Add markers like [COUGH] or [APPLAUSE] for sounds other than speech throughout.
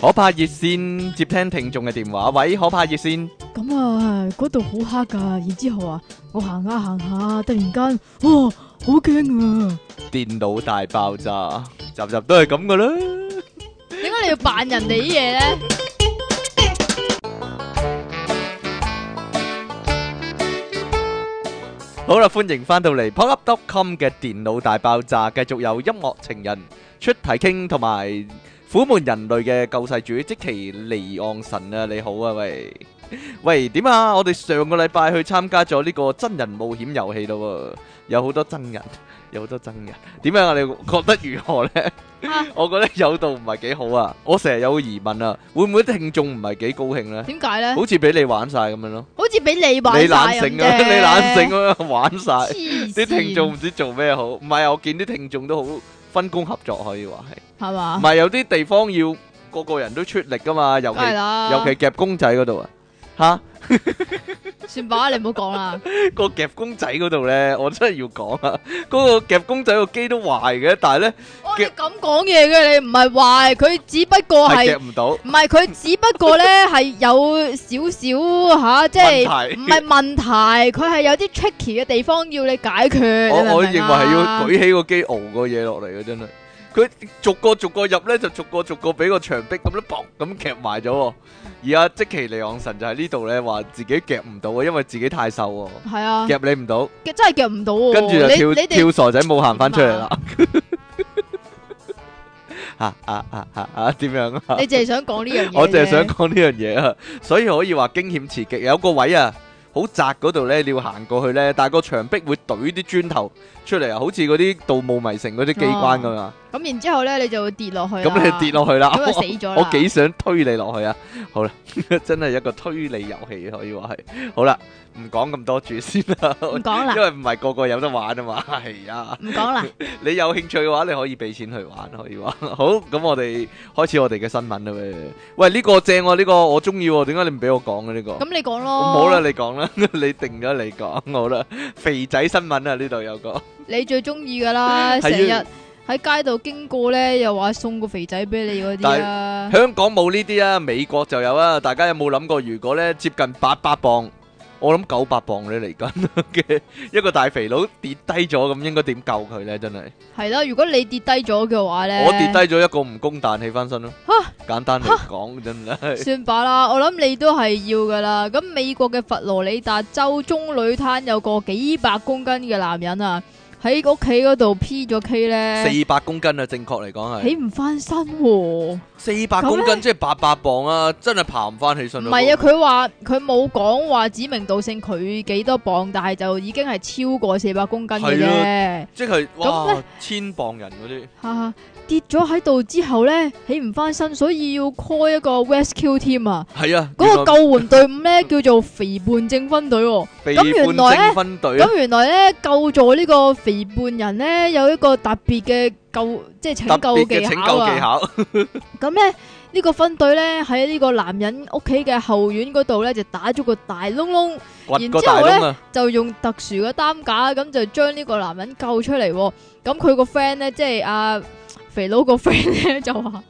可怕熱線接聽聽眾嘅電話，喂，可怕熱線。咁啊，嗰度好黑噶，然之後啊，我行下行下，突然間，哇，好驚啊！電腦大爆炸，集集都係咁噶啦。點解你要扮人哋啲嘢咧？好啦，歡迎翻到嚟 popup.com 嘅電腦大爆炸，繼續有音樂情人出體 king 同埋。苦悶人類嘅救世主，積淇離岸神啊！你好啊，喂喂，點啊？我哋上個禮拜去參加咗呢個真人冒險遊戲咯，有好多真人，有好多真人，點樣啊？你覺得如何咧？我覺得有度唔係幾好啊！我成日有個疑問啊，會唔會啲聽眾唔係幾高興咧？點解咧？好似俾你玩晒咁樣咯，好似俾你玩。你懶醒啊！你懶醒啊！咁樣玩晒啲聽眾唔知做咩好。唔係啊，我見啲聽眾都好。分工合作可以話係，係嘛？唔係有啲地方要個個人都出力噶嘛，尤其尤其夾公仔嗰度啊。吓，算罷啦，你唔好講啦。個夾公仔嗰度咧，我真係要講啊。嗰個夾公仔個機都壞嘅，但係咧，我你咁講嘢嘅，你唔係壞，佢只不過係夾唔到，唔係佢只不過咧係有少少吓，即係唔係問題，佢係有啲 tricky 嘅地方要你解決。我我認為係要舉起個機熬個嘢落嚟嘅，真係。佢逐個逐個入咧，就逐個逐個俾個牆壁咁樣嘭咁夾埋咗。而家積淇離岸神就喺呢度咧，話自己夾唔到啊，因為自己太瘦。係啊，夾你唔到，夾真係夾唔到。跟住就跳跳傻仔，冇行翻出嚟啦。吓吓吓吓，點樣啊？你淨係想講呢樣嘢？我淨係想講呢樣嘢啊！所以可以話驚險刺激。有個位啊，好窄嗰度咧，你要行過去咧，但係個牆壁會懟啲磚頭出嚟啊，好似嗰啲《盜墓迷城》嗰啲機關咁啊。咁然之後咧，你就會跌落去。咁你就跌落去啦，咁啊死咗。我，我幾想推你落去啊！好啦， [LAUGHS] 真係一個推理遊戲，可以話係。好啦，唔講咁多住先啦。唔講啦，因為唔係個個有得玩啊嘛。係啊，唔講啦。 [LAUGHS] 你有興趣嘅話，你可以俾錢去玩，可以話。好，咁我哋開始我哋嘅新聞啦喂。喂，呢個正喎，呢個我中意喎。點解你唔俾我講嘅呢個？咁你講咯。好啦，你講啦，你定咗嚟講好啦。肥仔新聞啊，呢度有個你最中意噶啦，成 [LAUGHS] 四日。 [LAUGHS] 喺街度經過呢，又話送個肥仔俾你嗰啲、啊、香港冇呢啲啊，美國就有啊！大家有冇諗過，如果呢接近八百磅，我諗九百磅你嚟緊嘅一個大肥佬跌低咗，咁應該點救佢呢？真係係啦，如果你跌低咗嘅話呢，我跌低咗一個唔攻彈起翻身咯。哈簡單嚟講，哈真係的算罷啦。我諗你都係要噶啦。咁美國嘅佛羅里達州棕櫚灘有個幾百公斤嘅男人啊！喺屋企嗰度 P 咗 K 咧，四百公斤啊！正確嚟講係起唔翻身喎、啊，四百公斤即係八百磅啊！真係爬唔翻起身啊！唔係啊，佢話佢冇講話指名道姓佢幾多磅，但係就已經係超過四百公斤嘅啫，即係、啊就是、哇千磅人嗰啲啊。哈哈跌咗喺度之後咧，起唔翻身，所以要 call 一個 rescue team 啊。係啊，嗰個救援隊伍咧叫做肥胖症分隊。肥胖症分隊。咁原來咧，救助呢個肥胖人咧有一個特別嘅救，即係拯救技巧啊。特別嘅拯救技巧。咁咧，呢個分隊咧喺呢個男人屋企嘅後院嗰度咧就打咗個大窿窿，然之後咧就用特殊嘅擔架咁就將呢個男人救出嚟。咁佢個 friend 咧即係阿。肥佬個 friend 咧就話：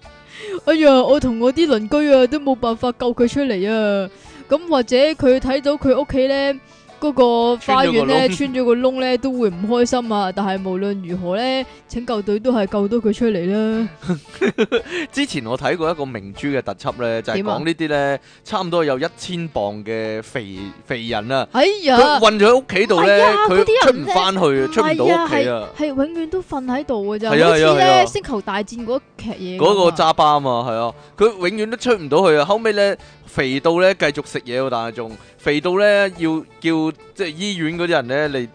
哎呀，我同我啲鄰居啊都冇辦法救佢出嚟啊。咁或者佢睇到佢屋企咧。嗰個花園咧穿咗個窿咧都會唔開心啊！但係無論如何咧，拯救隊都係救到佢出嚟啦。 [LAUGHS] 之前我睇過一個明珠嘅特輯咧，就係、是、講呢啲咧，差唔多有一千磅嘅肥肥人啊。哎呀，佢困咗喺屋企度咧，佢出唔翻去啊，出唔到屋企啊，係永遠都瞓喺度噶咋。呀好似咧星球大戰嗰劇嘢嗰個渣巴嘛，係啊，佢永遠都出唔到去啊。後尾咧。肥到咧繼續食嘢喎，但係仲肥到咧要叫即係醫院嗰啲人咧嚟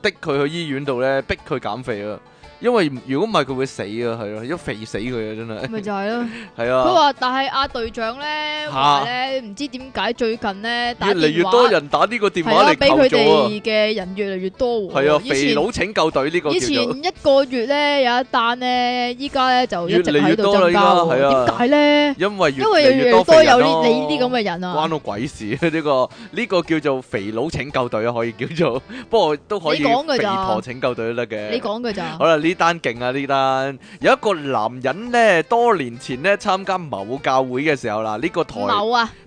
逼佢去醫院度咧，逼佢減肥啊！因為如果唔係佢會死噶，係咯，一肥死佢啊，真係。咪就係咯，係啊。佢話，但係阿隊長咧話咧唔知點解最近咧越嚟越多人打呢個電話嚟求助啊。嘅人越嚟越多喎。係啊，肥佬拯救隊呢個。以前一個月咧有一單咧，依家咧就越嚟越多啦。依家係啊。點解咧？因為越嚟越多。因為越嚟越多有你呢啲咁嘅人啊。關我鬼事呢個？呢個叫做肥佬拯救隊啊，可以叫做，不過都可以肥婆拯救隊都得嘅。你講嘅就。好啦呢。呢單勁啊！呢單有一個男人呢，多年前呢，參加某教會嘅時候啦，呢、這個台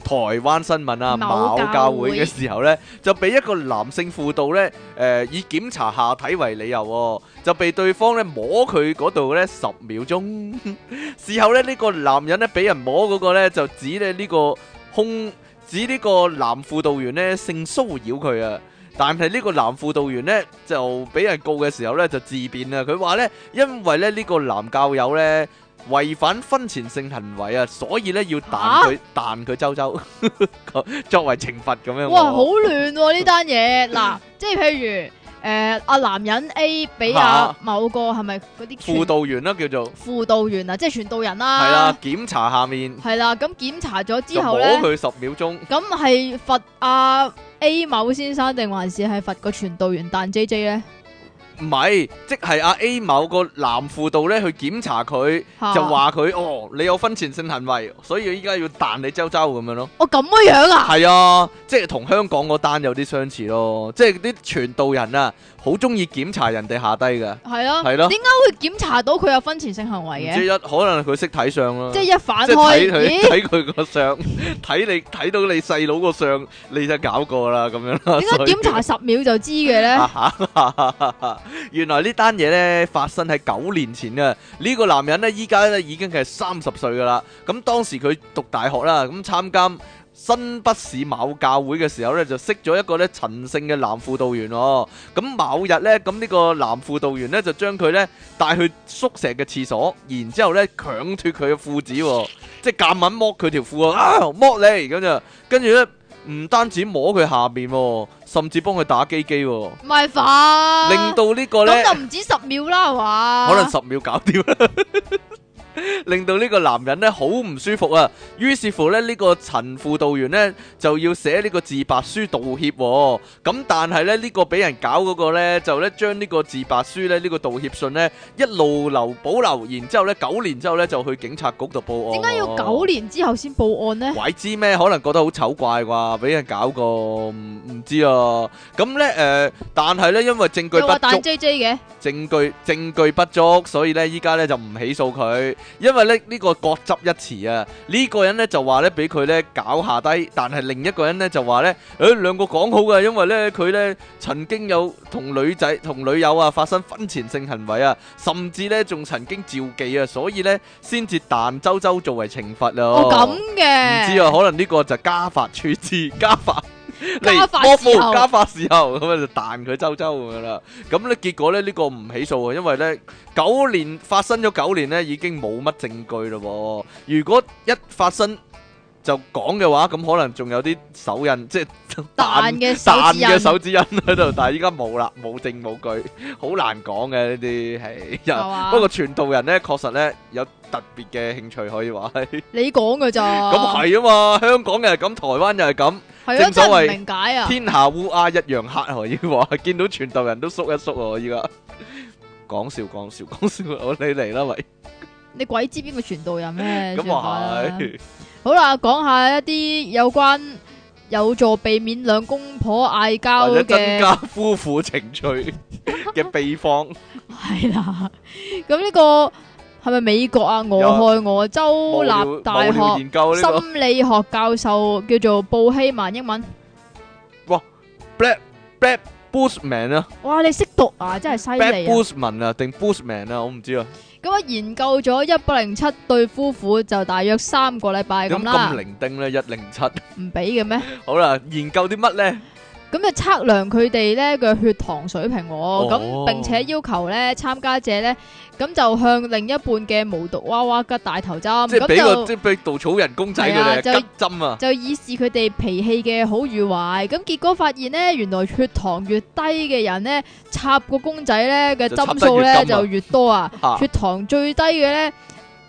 台灣新聞啊，聞啊某教會嘅時候呢，就俾一個男性輔導呢，誒、呃、以檢查下體為理由，哦，就被對方咧摸佢嗰度呢十秒鐘。 [LAUGHS] 事後呢，呢、這個男人呢，俾人摸嗰個呢，就指咧呢、這個空指呢個男輔導員呢，性騷擾佢啊。但係呢個男輔導員呢，就俾人告嘅時候呢，就自辯啦，佢話呢，因為咧呢個男教友呢違反婚前性行為啊，所以呢要彈佢彈佢周周， [LAUGHS] 作為懲罰咁樣。哇，我好亂呢單嘢！嗱、 [LAUGHS] 啊，即係譬如誒阿、呃、男人 A 俾啊某個係咪嗰啲輔導員啦、啊，叫做輔導員啊，即係傳道人、啊、啦。係啦，檢查下面。係啦，咁檢查咗之後攞佢十秒鐘。咁係罰阿。A 某先生定還是係佛個傳道員彈 J J 呢？唔係，即係阿 A 某個男輔導咧去檢查佢，啊、就話佢哦，你有婚前性行為，所以依家要彈你周周咁樣咯。哦，咁嘅樣啊？係啊，即係同香港嗰單有啲相似咯，即係啲傳道人啊，好中意檢查人哋下低噶。係啊，係咯、啊。點解會檢查到佢有婚前性行為嘅？即一可能佢識睇相咯。即係一反開，睇佢個相，睇 [LAUGHS] 你睇到你細佬個相，你就搞過啦咁樣啦。點解檢查十秒就知嘅咧？ [LAUGHS] [LAUGHS] 原來呢單嘢呢發生喺九年前啊，呢、呢個男人呢，依家呢已經係三十歲噶啦，咁當時佢讀大學啦，咁參加新北市某教會嘅時候呢，就識咗一個呢陳姓嘅男輔導員哦，咁某日呢，咁、這、呢個男輔導員呢，就將佢呢帶去宿舍嘅廁所，然之後呢強脫佢嘅褲子，即係夾硬剝佢條褲啊，剝你，咁就跟住呢。唔單止摸佢下面，甚至幫佢打機機，唔係。令到個呢個咧，咁就唔止十秒啦，係嘛？可能十秒搞掂。 [LAUGHS] 令到呢個男人呢好唔舒服啊，於是乎呢，呢、呢個陳輔導員呢就要寫呢個自白書道歉，啊。咁但係呢，呢、呢個俾人搞嗰個呢，就咧將呢個自白書呢，呢、呢個道歉信呢一路留保留，然之後咧九年之後呢，就去警察局度報案，啊。點解要九年之後先報案呢？鬼知咩？可能覺得好醜怪啩，俾人搞過唔知啊。咁呢，誒、呃，但係呢，因為證據不足，J J 證據證據，證據不足，所以呢，依家呢就唔起訴佢。因為咧呢個各執一詞啊，呢、這個人呢就話咧俾佢咧搞下低，但係另一個人呢就話呢，誒兩個講好噶，因為呢佢咧曾經有同女仔、同女友啊發生婚前性行為啊，甚至呢仲曾經召妓啊，所以呢，先至彈周周作為懲罰啊。哦，咁嘅唔知啊，可能呢個就加法處置，加法。嚟，波付加，加法時候咁樣就彈佢周周咁樣啦。咁咧結果咧呢、呢個唔起訴啊，因為咧九年發生咗九年咧已經冇乜證據咯，哦。如果一發生就講嘅話，咁可能仲有啲手印，即係彈嘅彈嘅手指印喺度，但係依家冇啦，冇證冇據，好難講嘅呢啲係。嗯、吧不過傳道人咧確實咧有特別嘅興趣可以話係。你講嘅咋？咁係啊嘛，香港又係咁，台灣又係咁。啊，真係明解啊。天下烏鴉一樣黑，可以話見到傳道人都縮一縮啊，我依家講笑講笑講笑，笑，我你嚟啦喂，你鬼知邊個傳道人咩？咁話係好啦，講下一啲有關有助避免兩公婆嗌交更加夫婦情趣嘅秘方。係啦，咁呢個。係咪美國啊？俄亥俄州立大學研究心理學教授叫做布希曼英文？哇，Black Black Boostman 啊！哇，你識讀啊，真係犀利。Boostman 啊，定 Boostman 啊，我唔知啊。咁啊，研究咗一百零七對夫婦，就大約三個禮拜咁啦。咁咁零丁咧，一零七唔俾嘅咩？好啦，研究啲乜咧？咁就測量佢哋咧嘅血糖水平喎，咁、哦、並且要求咧參加者咧，咁就向另一半嘅巫毒娃娃吉大頭針，即係俾個就即稻草人公仔嘅針、啊、就針啊，就以示佢哋脾氣嘅好與壞，咁結果發現呢，原來血糖越低嘅人呢，插個公仔咧嘅針數咧就，就越多啊，啊血糖最低嘅咧。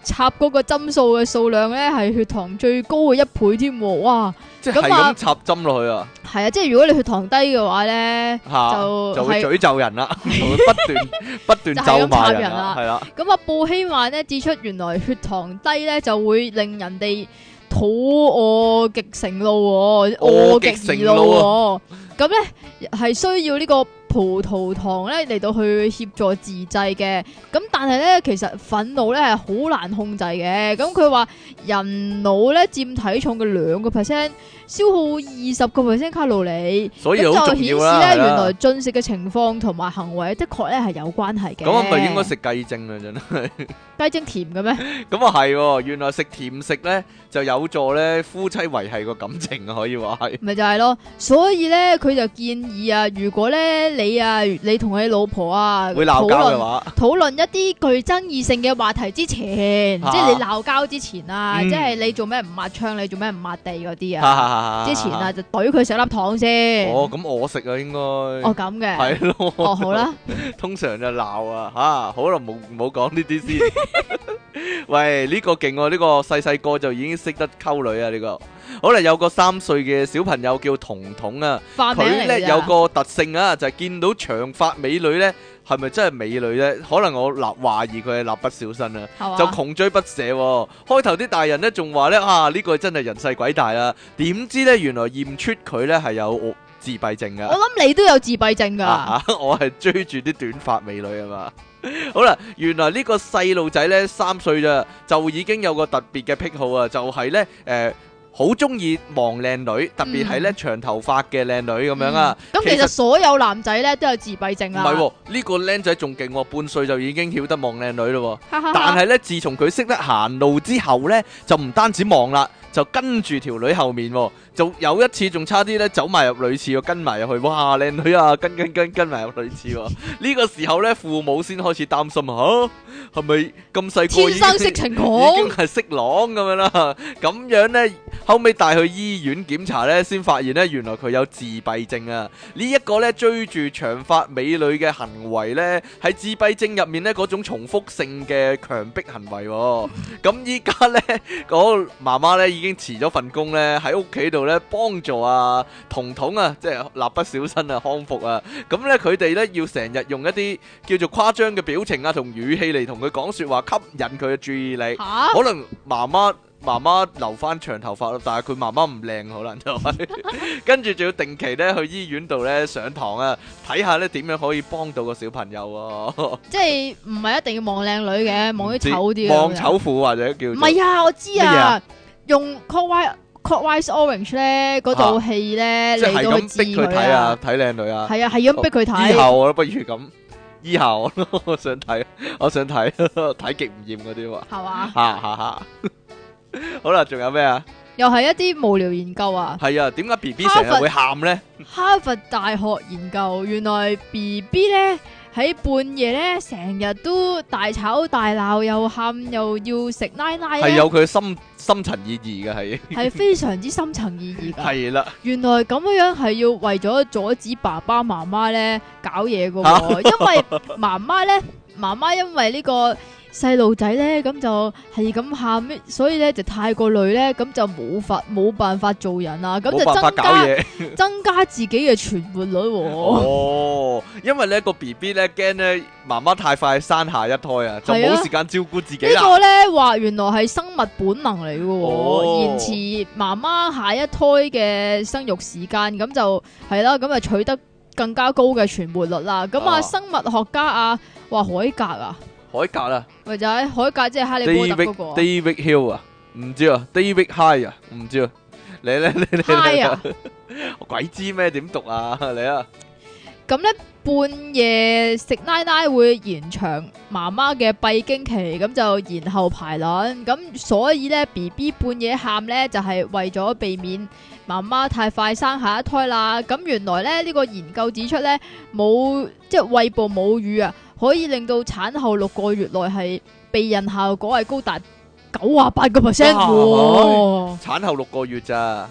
插嗰個針數嘅數量咧，係血糖最高嘅一倍添，哇！即係咁插針落去啊！係啊，啊，即係如果你血糖低嘅話咧，啊、就就會詛咒人啦， [LAUGHS] 就會不斷不斷咒罵人啦，係啦、啊。咁、嗯、啊，布希曼咧指出，原來血糖低咧就會令人哋肚餓極成怒，餓、啊、極、哦、成怒。咁咧係需要呢、這個。葡萄糖咧嚟到去協助自制嘅，咁但係咧，其實憤怒咧係好難控制嘅。咁佢話人腦咧佔體重嘅兩個 percent，消耗二十個 percent 卡路里，所以就顯示咧，原來進食嘅情況同埋行為的確咧係有關係嘅。咁啊，唔係應該食雞精啊，真係雞精甜嘅咩？咁啊係，原來食甜食咧就有助咧夫妻維繫個感情啊，可以話係。咪就係咯，所以咧佢就建議啊，如果咧你啊，你同你老婆啊，會鬧交嘅話，討論一啲具爭議性嘅話題之前，啊、即係你鬧交之前啊，嗯、即係你做咩唔抹窗，你做咩唔抹地嗰啲啊？ [LAUGHS] 之前啊，就對佢上粒糖先。哦，咁我食啊，應該。哦，咁嘅。係咯。哦，好啦。 [LAUGHS] 通常就鬧啊，吓、啊，好耐冇冇講呢啲先。 [LAUGHS] [LAUGHS] 喂，呢、呢個勁哦、啊，呢、呢個細細個就已經識得溝女啊，呢、呢個。好啦，有個三歲嘅小朋友叫彤彤啊，佢呢有個特性啊，就係、是、見到長髮美女呢，係咪真係美女呢？可能我懷立懷疑佢係蠟筆小新啊，吧就窮追不捨、啊。開頭啲大人呢仲話呢，啊，呢、這個真係人細鬼大啊。點知呢，原來驗出佢呢係有自閉症噶。我諗你都有自閉症噶。 [LAUGHS] 我係追住啲短髮美女啊嘛。 [LAUGHS] 好啦，原來呢個細路仔呢，三歲咋，就已經有個特別嘅癖好啊，就係、是、呢。誒、呃。好中意望靚女，特別係咧長頭髮嘅靚女咁樣啊！咁其實所有男仔咧都有自閉症啊、哦。唔係喎，呢個僆仔仲勁喎，半歲就已經曉得望靚女咯喎。 [LAUGHS] 但係咧，自從佢識得行路之後咧，就唔單止望啦，就跟住條女後面喎、哦。就有一次仲差啲咧，走埋入女廁跟埋入去，哇靚女啊，跟跟跟跟埋入女廁。呢個時候咧，父母先開始擔心啊，係咪咁細個已經係色，色狼咁樣啦？咁樣咧，後尾帶去醫院檢查咧，先發現咧，原來佢有自閉症啊。這個、呢一個咧追住長髮美女嘅行為咧，喺自閉症入面咧種重複性嘅強迫行為、哦。咁依家咧，個媽媽咧已經辭咗份工咧，喺屋企度。咧幫助啊，彤彤啊，即係蠟筆小新啊，康復啊，咁咧佢哋咧要成日用一啲叫做誇張嘅表情啊，同語氣嚟同佢講説話，吸引佢嘅注意力。哈可能媽媽媽媽留翻長頭髮咯，但係佢媽媽唔靚，可能就係。 [LAUGHS] [LAUGHS] 跟住仲要定期咧去醫院度咧上堂啊，睇下咧點樣可以幫到個小朋友。啊。即係唔係一定要望靚女嘅，望啲醜啲嘅。望醜婦或者叫。唔係啊，我知啊，麼用、Call《Clockwise Orange》咧嗰套戲咧，你都去睇佢啊，睇靚、啊、女啊，係啊，係咁逼佢睇。以後我都不如咁，以後我想睇，我想睇睇極唔厭嗰啲嘛，係嘛，哈哈哈。好啦，仲有咩啊？啊啊 [LAUGHS] 又係一啲無聊研究啊？係啊，點解 B B 成日會喊咧？哈佛大學研究，原來 B B 咧。喺半夜咧，成日都大吵大鬧，又喊又要食奶奶，係有佢深 [LAUGHS] 深層意義嘅，係的，係非常之深層意義嘅，係啦。原來咁樣樣係要為咗阻止爸爸媽媽咧搞嘢嘅，啊、因為媽媽咧。 [LAUGHS] 媽媽因為個呢個細路仔咧，咁就係咁喊，所以咧就太過累咧，咁就冇法冇辦法做人啊，咁就增加 [LAUGHS] 增加自己嘅存活率，哦。哦， [LAUGHS] 因為個寶寶呢個 B B 咧驚咧媽媽太快生下一胎啊，就冇時間照顧自己。呢個咧話原來係生物本能嚟嘅，哦、延遲媽媽下一胎嘅生育時間，咁就係啦，咁啊取得，更加高嘅傳播率啦，咁啊，啊生物學家啊哇，海格啊，海格啊，咪就係海格即係哈利波特嗰個、啊、David，David Hill 啊，唔知啊，David High 啊，唔知啊，你咧，你咧，你咧，鬼知咩點讀啊，你啊，咁咧半夜食奶奶會延長媽媽嘅閉經期，咁就延後排卵。咁所以咧 B B 半夜喊咧就係、是、為咗避免。媽媽太快生下一胎啦，咁原來咧呢、呢個研究指出呢冇，即係餵哺母乳啊，可以令到產後六個月內係避孕效果係高達九十八個 percent。產後六個月咋？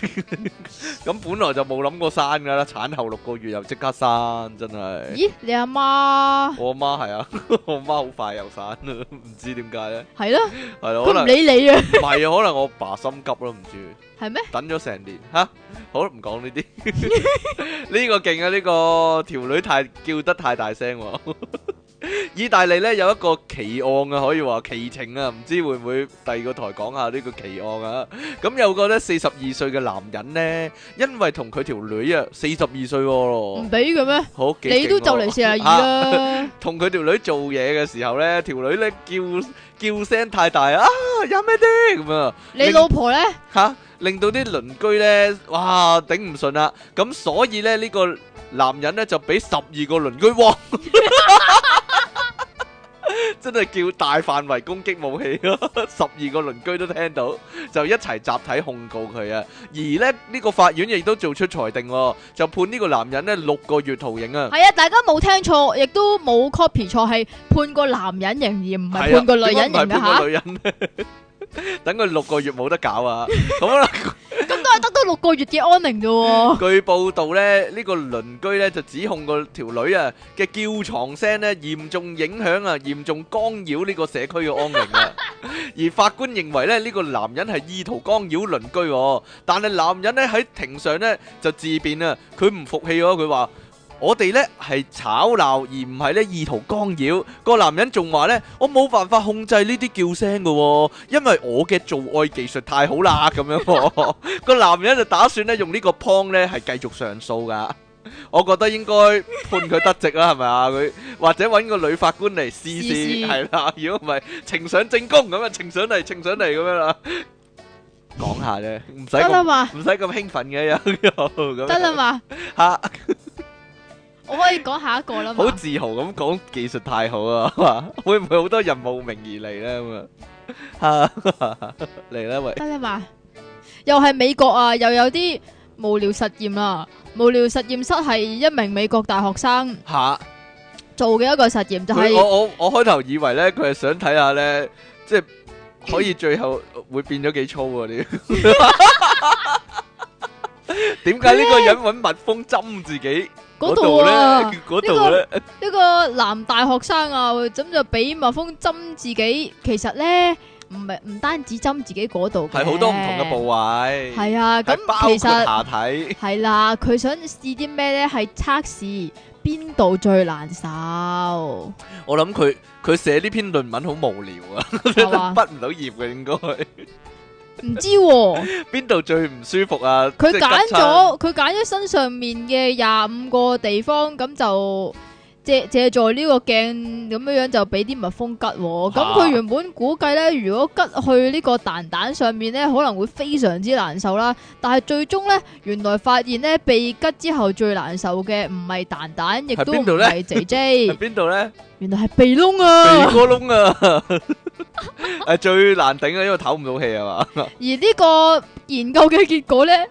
咁 [LAUGHS] 本來就冇諗過生噶啦，產後六個月又即刻生，真係。咦？你阿媽？我阿媽係啊，我阿媽好快又生，唔知點解咧？係咯、啊，係咯、啊，可能唔理你啊？唔係啊，可能我爸心急咯，唔住。係咩嗎？等咗成年吓，好唔講呢啲。呢 [LAUGHS] 個勁啊，呢、這個條女太叫得太大聲。 [LAUGHS] 意大利咧，有一個奇案啊，可以話奇情啊，唔知會唔會第二個台講下呢個奇案啊？咁、嗯、有個咧四十二歲嘅男人咧，因為同佢條女啊四十二歲，唔俾嘅咩？好，你都就嚟四十二啦。同佢條女做嘢嘅時候咧，條女咧叫叫聲太大啊，有咩啲咁啊？你老婆咧？吓、啊？令到啲鄰居咧，哇頂唔順啦！咁所以咧，呢個男人咧就俾十二個鄰居，哇，真係叫大範圍攻擊武器咯！十二個鄰居都聽到，就一齊集體控告佢啊！而咧呢個法院亦都做出裁定，就判呢個男人咧六個月徒刑啊！係啊，大家冇聽錯，亦都冇 copy 錯，係判個男人刑而唔係判個女人刑嘅嚇。等佢六個月冇得搞啊，咁啦，咁都係得到六個月嘅安寧啫。據報道咧，呢個鄰居咧就指控個條女啊嘅叫床聲咧嚴重影響啊，嚴重干擾呢個社區嘅安寧啊。而法官認為咧，呢個男人係意圖干擾鄰居，但係男人咧喺庭上咧就自辯啊，佢唔服氣咯，佢話。我哋呢係吵鬧，而唔係呢意圖干擾。個男人仲話呢：我冇辦法控制呢啲叫聲噶，因為我嘅做愛技術太好啦。咁樣個男人就打算呢用呢個判呢係繼續上訴噶。我覺得應該判佢得職啦，係咪啊？佢或者揾個女法官嚟試試係啦。如果唔係呈上正功咁啊，呈上嚟呈上嚟咁樣啦。講下呢，唔使唔使咁興奮嘅，又得啦嘛吓。我可以講下一個啦。好自豪咁講技術太好啊， [LAUGHS] 會唔會好多人慕名而嚟咧咁啊？嚟 [LAUGHS] 啦，喂，得啦嘛！又係美國啊，又有啲無聊實驗啦、啊。無聊實驗室係一名美國大學生吓做嘅一個實驗、啊就是，就係我我我開頭以為咧，佢係想睇下咧，即係可以最後會變咗幾粗啊？點？點解呢個人搵蜜蜂針自己？嗰度咧，啊、呢，呢、這個呢、 [LAUGHS] 這個這個男大學生啊，咁就俾蜜蜂針自己。其實咧，唔係唔單止針自己嗰度，係好多唔同嘅部位。係啊，咁包括下體。係啦，佢、啊、想試啲咩咧？係測試邊度最難受。我諗佢佢寫呢篇論文好無聊啊，畢唔到業嘅應該。 [LAUGHS] 唔知邊度、啊、 [LAUGHS] 最唔舒服啊？佢揀咗佢揀咗身上面嘅廿五個地方，咁就借借助呢個鏡咁樣樣就俾啲蜜蜂吉、啊。咁佢、啊、原本估計呢，如果吉去呢個蛋蛋上面呢，可能會非常之難受啦。但係最終呢，原來發現呢，被吉之後最難受嘅唔係蛋蛋，亦都唔係 J J，係邊度呢？ [LAUGHS] 呢原來係鼻窿啊，鼻個窿孔啊。 [LAUGHS] 誒、 [LAUGHS] 呃，最難頂啊，因為唞唔到氣啊嘛。而呢個研究嘅結果咧，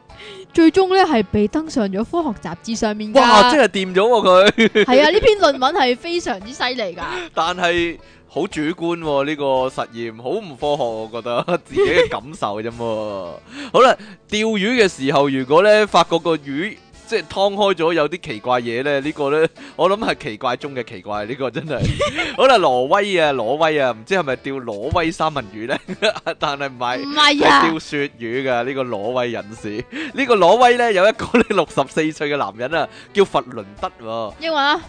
最終咧係被登上咗科學雜誌上面。哇，真係掂咗佢。係 [LAUGHS] 啊，呢篇論文係非常之犀利噶。 [LAUGHS] 但係好主觀呢、啊這個實驗，好唔科學，我覺得自己嘅感受啫嘛。 [LAUGHS] 好啦，釣魚嘅時候，如果咧發覺個魚。即係劏開咗有啲奇怪嘢咧，這個、呢個咧我諗係奇怪中嘅奇怪，呢、這個真係 [LAUGHS] 好啦，挪威啊，挪威啊，唔知係咪釣挪威三文魚呢？ [LAUGHS] 但係唔係，唔係啊，釣鱈魚噶呢個挪威人士，呢 [LAUGHS] 個挪威咧有一個咧六十四歲嘅男人啊，叫佛倫德喎、哦，英文啊，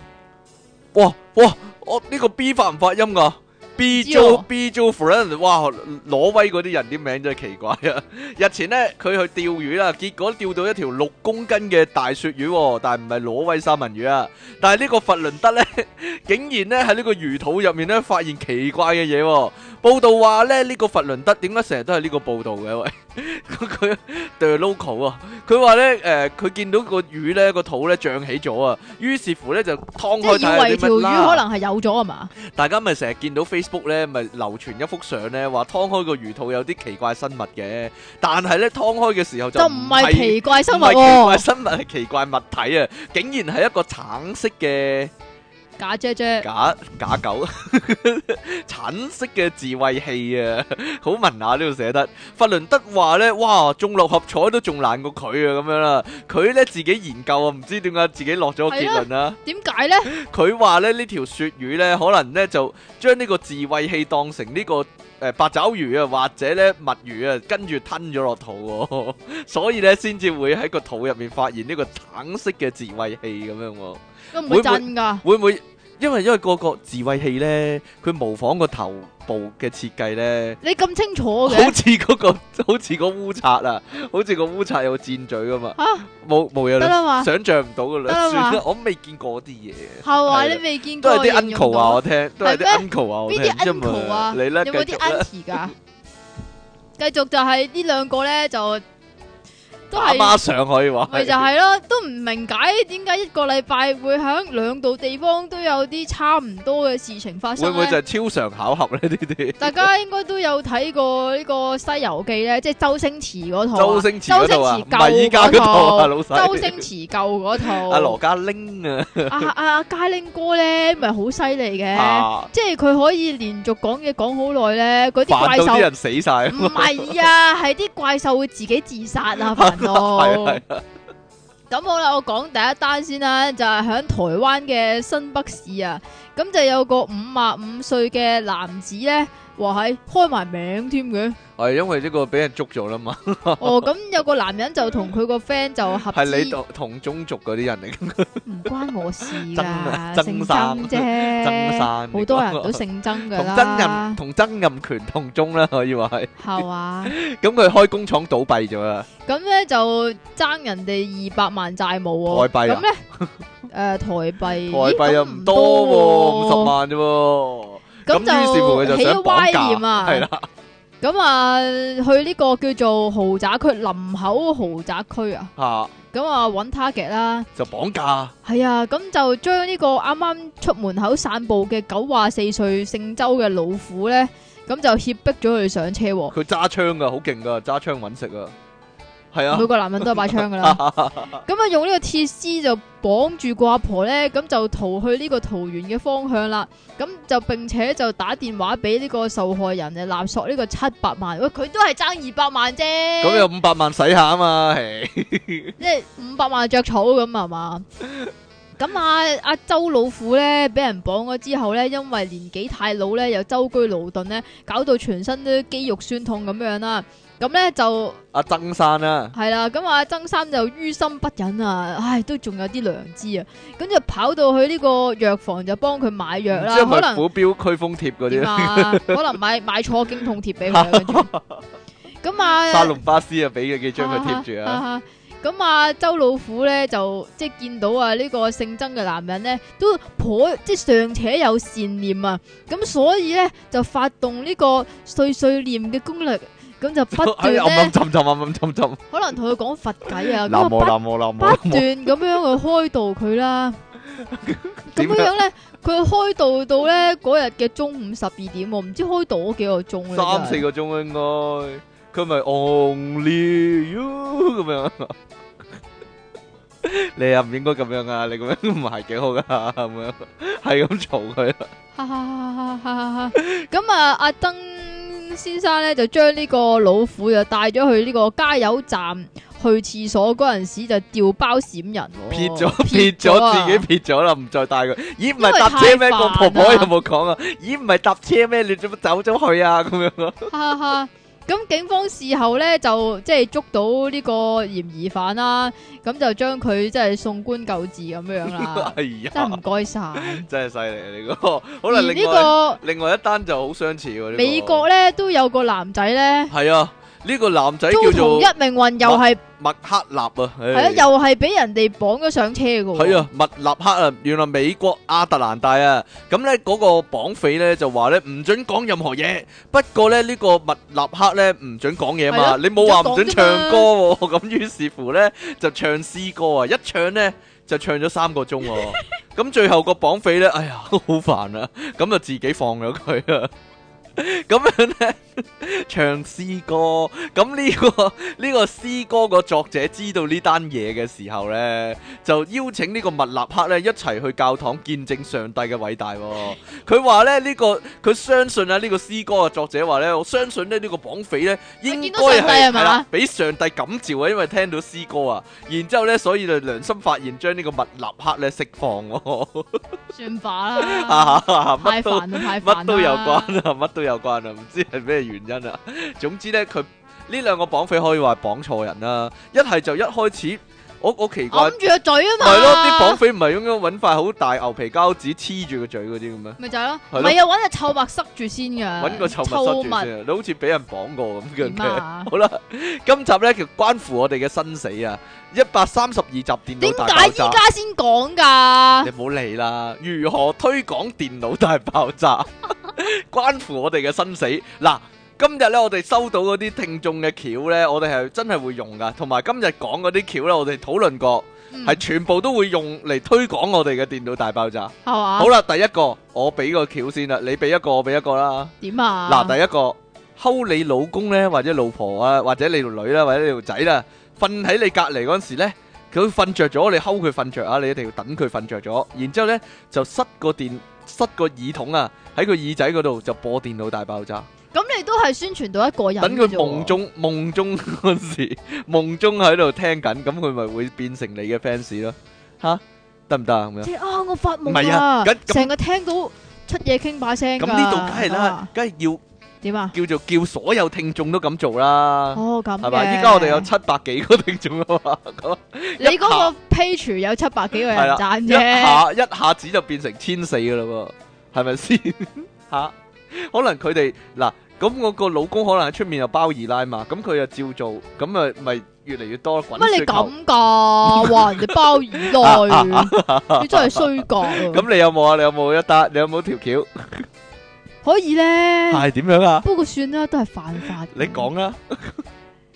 哇哇，我、這、呢個 B 發唔發音噶？Bjo Bjo Friend 哇！挪威嗰啲人啲名真係奇怪啊！日前咧佢去釣魚啦，結果釣到一條六公斤嘅大鱈魚，但係唔係挪威三文魚啊！但係呢個佛倫德咧，竟然咧喺呢個魚肚入面咧發現奇怪嘅嘢。報道話咧呢個佛倫德點解成日都係呢個報道嘅？喂，佢 [LAUGHS] 對 local 啊！佢話咧誒，佢見到個魚咧個肚咧漲起咗啊！於是乎咧就劏開。即係以為條魚可能係有咗啊嘛？大家咪成日見到飛。book 咧咪流傳一幅相咧，話劏開個魚肚有啲奇怪生物嘅。但係咧劏開嘅時候就唔係奇怪生物，唔係奇怪生物，係奇怪物體啊，竟然係一個橙色嘅。假啫啫，假假狗， [LAUGHS] 橙色嘅自慰器啊，好文雅呢度寫得。佛倫德話呢，哇，中六合彩都仲難過佢啊，咁樣啦。佢呢自己研究啊，唔知點解自己落咗個結論啊？點解呢？佢話咧呢條鱈魚呢，可能呢就將呢個自慰器當成呢、這個誒、呃、八爪魚啊，或者呢墨魚啊，跟住吞咗落肚，所以呢，先至會喺個肚入面發現呢個橙色嘅自慰器咁、啊、樣、啊。會唔會震噶？會唔會因為因為個個自慰器咧，佢模仿個頭部嘅設計咧？你咁清楚嘅？好似嗰個，好似個烏賊啊，好似個烏賊有箭嘴噶嘛？冇冇嘢啦，想象唔到噶啦，算啦，我未見過啲嘢。係啊，你未見過都係啲 uncle 話我聽。係啊，我啲 uncle 啊？你咧有冇啲 aunty 噶？繼續就係呢兩個咧就。都係孖上可以話，咪就係咯，都唔明解點解一個禮拜會響兩度地方都有啲差唔多嘅事情發生咧？會唔會就係超常巧合咧？呢啲大家應該都有睇過呢個《西遊記》咧，即係周星馳嗰套。周星馳嗰套啊，唔係依家嗰套啊，老細。周星馳舊嗰套啊，羅家玲啊，阿阿家玲哥咧，咪好犀利嘅，即係佢可以連續講嘢講好耐咧，嗰啲怪獸啲人死晒，唔係啊，係啲怪獸會自己自殺啊。哦，咁、oh. [LAUGHS] [LAUGHS] 好啦，我講第一單先啦，就係、是、喺台灣嘅新北市啊，咁就有個五啊五歲嘅男子咧。話係開埋名添嘅，係因為呢個俾人捉咗啦嘛。哦，咁有個男人就同佢個 friend 就合資，係你同同宗族嗰啲人嚟，唔關我事噶，姓曾啫，曾山，好多人都姓曾噶啦。曾任同曾任權同宗啦，可以話係係嘛。咁佢開工廠倒閉咗啦，咁咧就爭人哋二百萬債務，台幣咁咧，誒台幣台幣又唔多，五十萬啫。咁於是乎佢就想綁架，係啦。咁 [NOISE] 啊 [LAUGHS] 去呢個叫做豪宅區林口豪宅區啊。吓咁啊揾 target 啦，就綁架。係啊，咁就將呢個啱啱出門口散步嘅九廿四歲姓周嘅老虎咧，咁就脅迫咗佢上車。佢揸槍噶，好勁噶，揸槍揾食啊！每個男人都有把槍噶啦，咁啊、 [LAUGHS] 嗯、用呢個鐵絲就綁住個阿婆咧，咁、嗯、就逃去呢個桃園嘅方向啦。咁、嗯、就並且就打電話俾呢個受害人就勒索呢個七百萬。喂、欸，佢都係爭二百萬啫，咁有五百萬使下啊嘛， [LAUGHS] 即係五百萬着草咁啊嘛。 [LAUGHS] 咁啊，阿周老虎咧，俾人綁咗之後咧，因為年紀太老咧，又舟車勞頓咧，搞到全身都肌肉酸痛咁樣啦、啊。咁、嗯、咧就阿、啊、曾生啦、啊啊，係啦。咁阿曾生就於心不忍啊，唉，都仲有啲良知啊。咁、嗯、就跑到去呢個藥房就幫佢買藥啦。即係可能虎標驅風貼嗰啲。可能買買錯頸痛貼俾佢。咁 [LAUGHS] 啊，沙龍巴斯啊，俾佢幾張佢貼住啊。啊啊啊咁啊，周老虎咧就即係見到啊呢個姓曾嘅男人咧，都頗即係尚且有善念啊！咁所以咧就發動呢個碎碎念嘅功力，咁就不斷咧，可能同佢講佛偈啊，不斷咁樣去開導佢啦。咁樣樣咧，佢開導到咧嗰日嘅中午十二點，唔知開導咗幾個鐘啦，三四個鐘應該。佢咪 only you 咁樣， [LAUGHS] 你又唔應該咁樣啊！你咁樣唔係幾好噶，係咁嘈佢啦。咁啊，阿登 [LAUGHS] 哈、 [LAUGHS] 啊、先生咧就將呢個老虎又帶咗去呢個加油站，去廁所嗰陣時就掉包閃人。哦撇，撇咗撇咗、啊、自己撇咗啦，唔再帶佢。咦？唔係搭車咩？個婆婆有冇講啊？啊咦？唔係搭車咩？你做乜走咗去啊？咁樣。 [LAUGHS] 咁警方事後咧就即係捉到呢個嫌疑犯啦、啊，咁就將佢即係送官救治咁樣啦， [LAUGHS] 哎、呀真係唔該晒， [LAUGHS] 真係犀利呢個。而呢個另外一單就好相似喎、啊，這個、美國咧 [LAUGHS] 都有個男仔咧，係啊。呢個男仔叫做，一命運又係麥克納啊，係啊，又係俾人哋綁咗上車噶喎。係啊，麥立克啊，原來美國亞特蘭大啊。咁咧嗰個綁匪咧就話咧唔準講任何嘢。不過咧呢個麥立克咧唔準講嘢嘛，你冇話唔準唱歌喎。咁於是乎咧就唱詩歌啊，一唱咧就唱咗三個鐘喎。咁最後個綁匪咧，哎呀好煩啊，咁就自己放咗佢啊。咁樣咧，唱詩歌，咁呢、這個呢、這個詩歌個作者知道呢單嘢嘅時候咧，就邀請呢個麥立克咧一齊去教堂見證上帝嘅偉大，哦。佢話咧呢、這個佢相信啊呢個詩歌嘅作者話咧，我相信咧呢個綁匪咧應該係係俾上帝感召啊，因為聽到詩歌啊，然之後咧所以就良心發現，將呢個麥立克咧釋放，哦。 [LAUGHS] 算罷吧啦，太煩啦，太煩啦，啦、啊，乜都，都有關啊，乜都。有關啊，唔知係咩原因啊。總之咧，佢呢兩個綁匪可以話綁錯人啦、啊。一係就一開始，我我奇怪住個嘴啊嘛，係咯，啲綁匪唔係應該搵塊好大牛皮膠紙黐住個嘴嗰啲咁咩？咪就係咯，係啦啊，搵個臭物塞住先嘅，搵 [LAUGHS] 個臭物塞住，你好似俾人綁過咁嘅。啊、 [LAUGHS] 好啦，今集咧就關乎我哋嘅生死啊！一百三十二集電腦大爆炸，點解依家先講噶？你唔好嚟啦，如何推廣電腦大爆炸？ [LAUGHS] 關乎我哋嘅生死。嗱，今日咧我哋收到嗰啲聽眾嘅橋咧，我哋係真係會用噶，同埋今日講嗰啲橋咧，我哋討論過，係全部都會用嚟推廣我哋嘅電腦大爆炸，係嘛？好啦，第一個我俾個橋先啦，你俾一個，我俾一個啦。點啊？嗱，第一個，hold 你老公咧，或者老婆啊，或者你條女啦，或者你條仔啦，瞓喺你隔籬嗰時咧，佢瞓着咗，你 hold 佢瞓着啊，你一定要等佢瞓着咗，然之後咧就塞個電，塞個耳筒啊。喺佢耳仔嗰度就播電腦大爆炸。咁你都係宣傳到一個人夢。等佢夢中夢中嗰時夢中喺度聽緊，咁佢咪會變成你嘅 fans 咯？吓得唔得啊？咁樣啊！我發夢。唔係啊，成個那聽到出嘢傾把聲。咁呢度梗係啦，梗係要點啊？啊叫做叫所有聽眾都咁做啦。哦，咁係嘛？依家我哋有七百幾個聽眾啊嘛。咁 [LAUGHS] 下你嗰個 page 有七百幾個人讚 [LAUGHS] 一,一,一下子就變成千四噶啦。係咪先吓？可能佢哋嗱咁，我個老公可能喺出面又包二奶嘛，咁佢又照做，咁啊咪越嚟越多。乜你咁噶？話人哋包二奶，你真係衰格。咁你有冇啊？你有冇一笪？你有冇條橋？可以咧。係點樣啊？不過算啦，都係犯法。你講啦。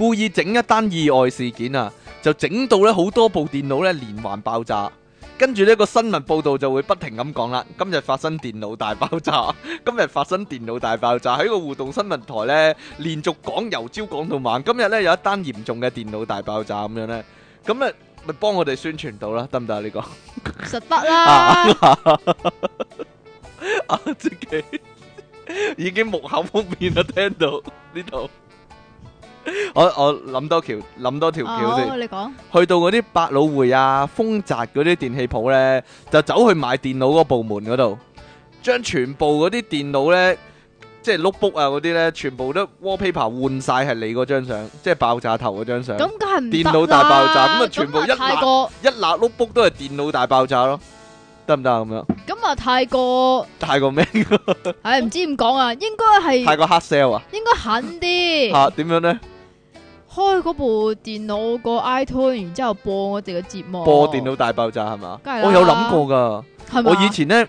故意整一單意外事件啊，就整到咧好多部電腦咧連環爆炸，跟住呢個新聞報道就會不停咁講啦。今日發生電腦大爆炸，今日發生電腦大爆炸，喺個互動新聞台咧，連續講，由朝講到晚。今日咧有一單嚴重嘅電腦大爆炸咁樣咧，咁咪咪幫我哋宣傳到啦，得唔得啊？呢個實得啦，自己已經木口木面啦，聽到呢度。 [LAUGHS] 我我諗多條諗多條橋先，oh, 你去到嗰啲百老匯啊、豐澤嗰啲電器鋪咧，就走去買電腦嗰個部門嗰度，將全部嗰啲電腦咧，即係碌 book 啊嗰啲咧，全部都 wallpaper 換晒係你嗰張相，即係爆炸頭嗰張相，咁梗係唔得啦，電腦大爆炸，咁啊，全部一粒過一粒 notebook 都係電腦大爆炸咯。得唔得咁樣？咁啊、嗯，太過太過咩、哎？唉，唔知點講啊，應該係太過黑 sell 啊，應該狠啲吓？點、啊、樣咧？開嗰部電腦個 iTunes，然之後播我哋嘅節目，播電腦大爆炸係嘛？梗係我有諗過噶，吧我以前咧《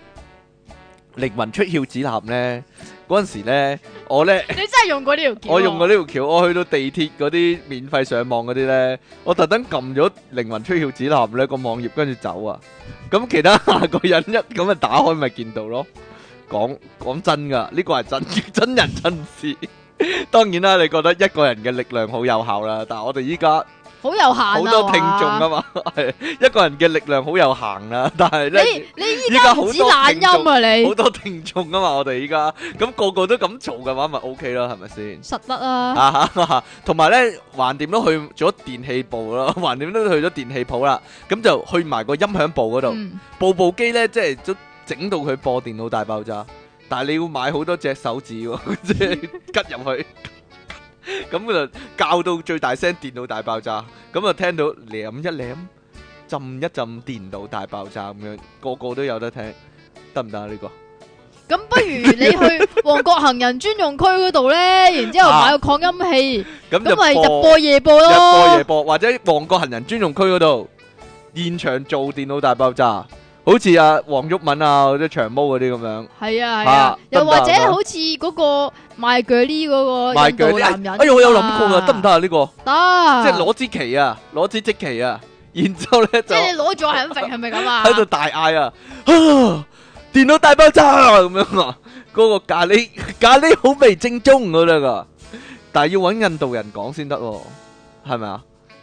靈魂出竅指南呢》咧。嗰陣時咧，我咧，你真係用過呢條，條橋？我用過呢條橋，我去到地鐵嗰啲免費上網嗰啲咧，我特登撳咗《靈魂出竅指南》咧、呢個網頁跟住走啊！咁其他下個人一咁啊打開咪見到咯。講講真㗎，呢、呢個係真真人真事。 [LAUGHS] 當然啦，你覺得一個人嘅力量好有效啦，但係我哋依家。好有限，好多聽眾啊嘛，係 [LAUGHS] 一個人嘅力量好有限啦。但係你，你依家好懶音啊，你好多聽眾啊你嘛，我哋依家咁個個都咁嘈嘅話，咪 OK 啦，係咪先？實得啊！同埋咧，橫掂都去咗電器部啦，橫掂都去咗電器鋪啦，咁就去埋個音響部嗰度，嗯、部部機咧，即係都整到佢播電腦大爆炸。但係你要買好多隻手指喎，即係吉入去。咁佢就教到最大聲，電腦大爆炸。咁、嗯、啊，聽到唅一唅，浸一浸，電腦大爆炸咁樣，個個都有得聽，得唔得啊？呢、這個咁不如你去旺角行人專用區嗰度咧， [LAUGHS] 然之後買個擴音器，咁、啊、就,就日播夜播咯。日播夜播，或者旺角行人專用區嗰度現場做電腦大爆炸。好似阿黃毓民啊，嗰啲長毛嗰啲咁樣，係啊係啊，又或者好似嗰個賣咖喱嗰個印度男人，哎呦我有諗過啊，得唔得啊呢個？得，即係攞支旗啊，攞支即旗啊，然之後咧即係你攞咗係肥，係咪咁啊？喺度大嗌，啊電腦大爆炸啊咁樣啊，嗰個咖喱咖喱好味正宗噶啦，但係要搵印度人講先得喎，係咪啊？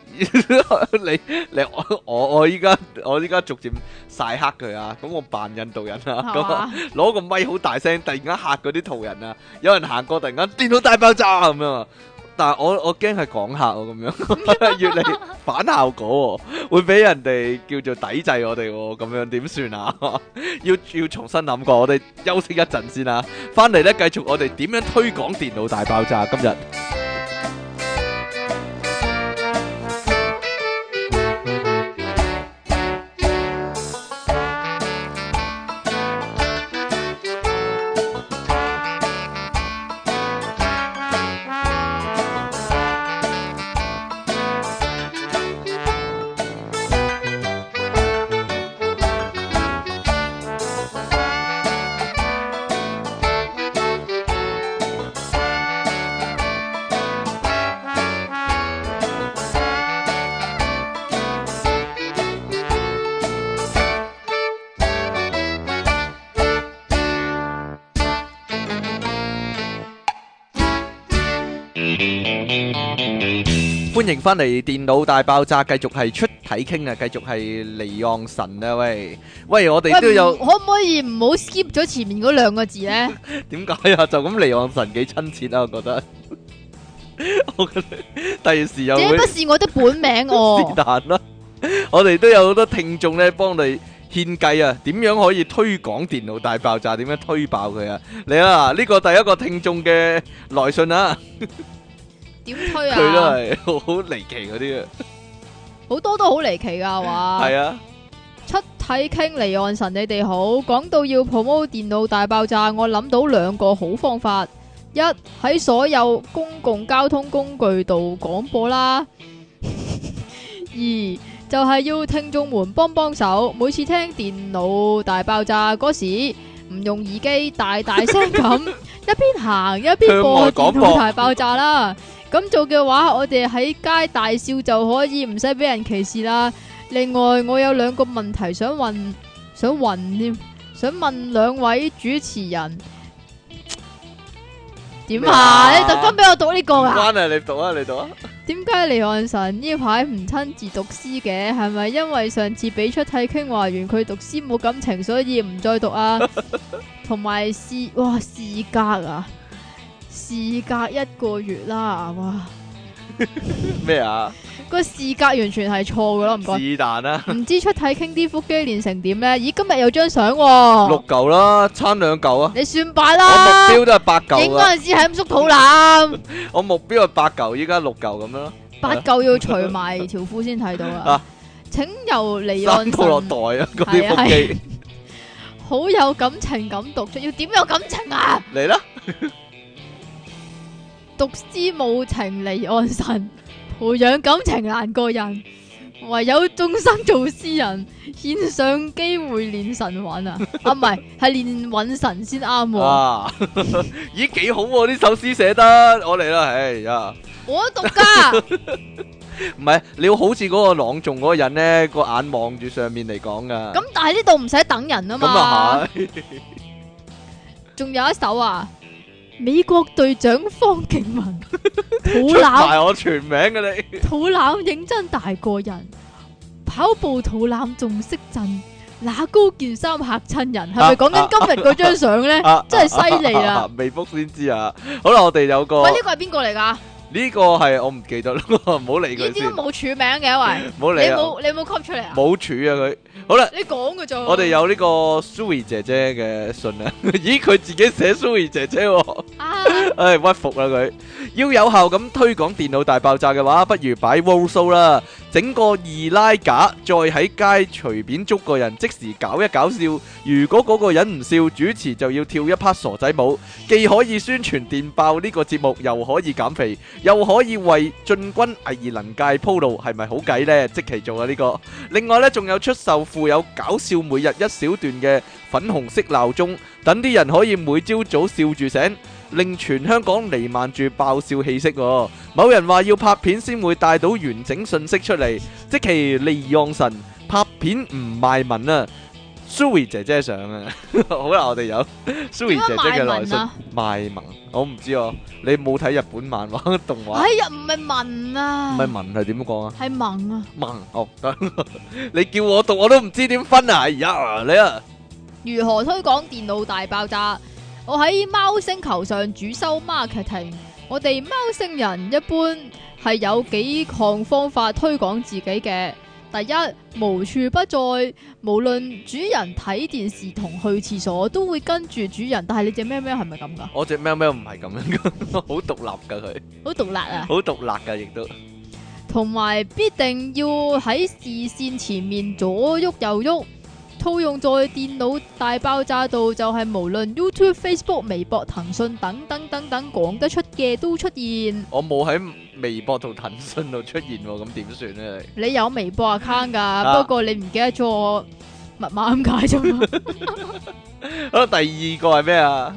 [LAUGHS] 你你我我我依家我依家逐漸曬黑佢啊，咁我扮印度人啊，咁攞吧 [LAUGHS] 個咪好大聲，突然間嚇嗰啲途人啊，有人行過突然間電腦大爆炸咁、啊、樣，但係我我驚係講客咁樣， [LAUGHS] [LAUGHS] 越嚟反效果、啊，會俾人哋叫做抵制我哋，咁樣點算啊？啊 [LAUGHS] 要要重新諗過，我哋休息一陣先啊。翻嚟咧繼續我哋點樣推廣電腦大爆炸今日。翻嚟電腦大爆炸，繼續係出體 King 啊！繼續係離岸神啊！喂喂，我哋都有可唔可以唔好 skip 咗前面嗰兩個字咧？點解啊？就咁離岸神幾親切啊？我覺得，我第時又，這不是我的本名哦。是但啦，我哋都有好多聽眾咧，幫你獻計啊！點樣可以推廣電腦大爆炸？點樣推爆佢啊？嚟啦！呢個第一個聽眾嘅來信啊！點推啊？佢都係好離奇嗰啲啊，好多都好離奇噶，係嘛？係啊，出體傾離岸神，你哋好講到要 promote 電腦大爆炸，我諗到兩個好方法：一喺所有公共交通工具度廣播啦；二就係要聽眾們幫幫手，每次聽電腦大爆炸嗰時，唔用耳機，大大聲咁一邊行一邊播電腦大爆炸啦。咁做嘅話，我哋喺街大笑就可以唔使俾人歧視啦。另外，我有兩個問題想問，想問，想問兩位主持人點、啊啊、你特登俾我讀呢個啊！翻嚟、啊、你讀啊，你讀啊！點解離岸神呢排唔親自讀詩嘅？係咪因為上次俾出體 King 話完佢讀詩冇感情，所以唔再讀啊？同埋詩哇，詩格啊！事隔一個月啦，哇！咩 [LAUGHS] 啊？個事隔完全係錯嘅咯，唔該。是但啦，唔知出體 King 啲腹肌練成點咧？咦，今日有張相喎，六嚿啦，差兩嚿啊！你算罷啦，我目標都係八嚿。影嗰陣時係咁縮肚腩， [LAUGHS] 我目標係八嚿，依家六嚿咁樣咯。八嚿要除埋條褲先睇到 [LAUGHS] 啊！請由黎浪落袋啊！啲腹肌是是是 [LAUGHS] [LAUGHS] 好有感情，咁讀出要點有感情啊！嚟啦來吧！ [LAUGHS] 讀詩冇情離岸神，培養感情難過人，唯有終生做詩人，獻上機會練神韻啊！啊，唔係，係練韻神先啱喎。咦，幾好？呢首詩寫得，我嚟啦，唉呀！我讀㗎，唔係你要好似嗰個朗誦嗰個人咧，個眼望住上面嚟講噶。咁但係呢度唔使等人啊嘛。咁啊係。仲有一首啊。美國隊長方敬文，肚腩，攬我全名嘅你，肚腩認真大過人， [LAUGHS] 跑步肚腩仲識震，拿高件衫吓親人，係咪講緊今日嗰張相咧？ [LAUGHS] 啊啊啊真係犀利啦！未復先知啊，啊，啊、sí！好啦，我哋有個 profile，喂，呢個係邊個嚟噶？呢個係我唔記得咯，唔好理佢先。呢啲都冇署名嘅，喂，唔好理啊！你冇你冇 cut 出嚟啊！冇署啊佢，好啦，你講佢做。我哋有呢個蘇怡姐姐嘅信啊！咦，佢自己寫蘇怡姐姐喎，唉，屈服啦佢。要有效咁推廣電腦大爆炸嘅話，不如擺汪蘇啦，整個二拉架，再喺街隨便捉個人，即時搞一搞笑。如果嗰個人唔笑，主持就要跳一 part 傻仔舞，既可以宣傳電爆呢個節目，又可以減肥。又可以為進軍藝人界鋪路，係咪好計呢？積淇做啊呢個。另外呢，仲有出售附有搞笑每日一小段嘅粉紅色鬧鐘，等啲人可以每朝早笑住醒，令全香港瀰漫住爆笑氣息。某人話要拍片先會帶到完整信息出嚟，積淇離岸神拍片唔賣文啊！Suri 姐姐上 [LAUGHS] 姐姐姐啊，好啦，我哋有 Suri 姐姐嘅耐心，賣萌，我唔知哦，你冇睇日本漫畫動畫？哎呀，唔係文啊，唔係文係點講啊？係萌啊，萌、oh, 哦，得。 [LAUGHS] 你叫我讀我都唔知點分啊！哎呀，你啊，如何推廣電腦大爆炸？我喺貓星球上主修 marketing，我哋貓星人一般係有幾項方法推廣自己嘅。第一，無處不在，無論主人睇電視同去廁所都會跟住主人，但係你隻喵喵係咪咁噶？我隻喵喵唔係咁樣噶，好獨立噶佢。好獨立啊！好獨立噶，亦都同埋必定要喺視線前面左喐右喐。套用在電腦大爆炸度就係無論 YouTube、Facebook、微博、騰訊等等等等講得出嘅都出現。我冇喺微博同騰訊度出現喎，咁點算呢？你有微博 account 㗎，啊、不過你唔記得咗、啊、密碼點解啫？啊，第二個係咩啊？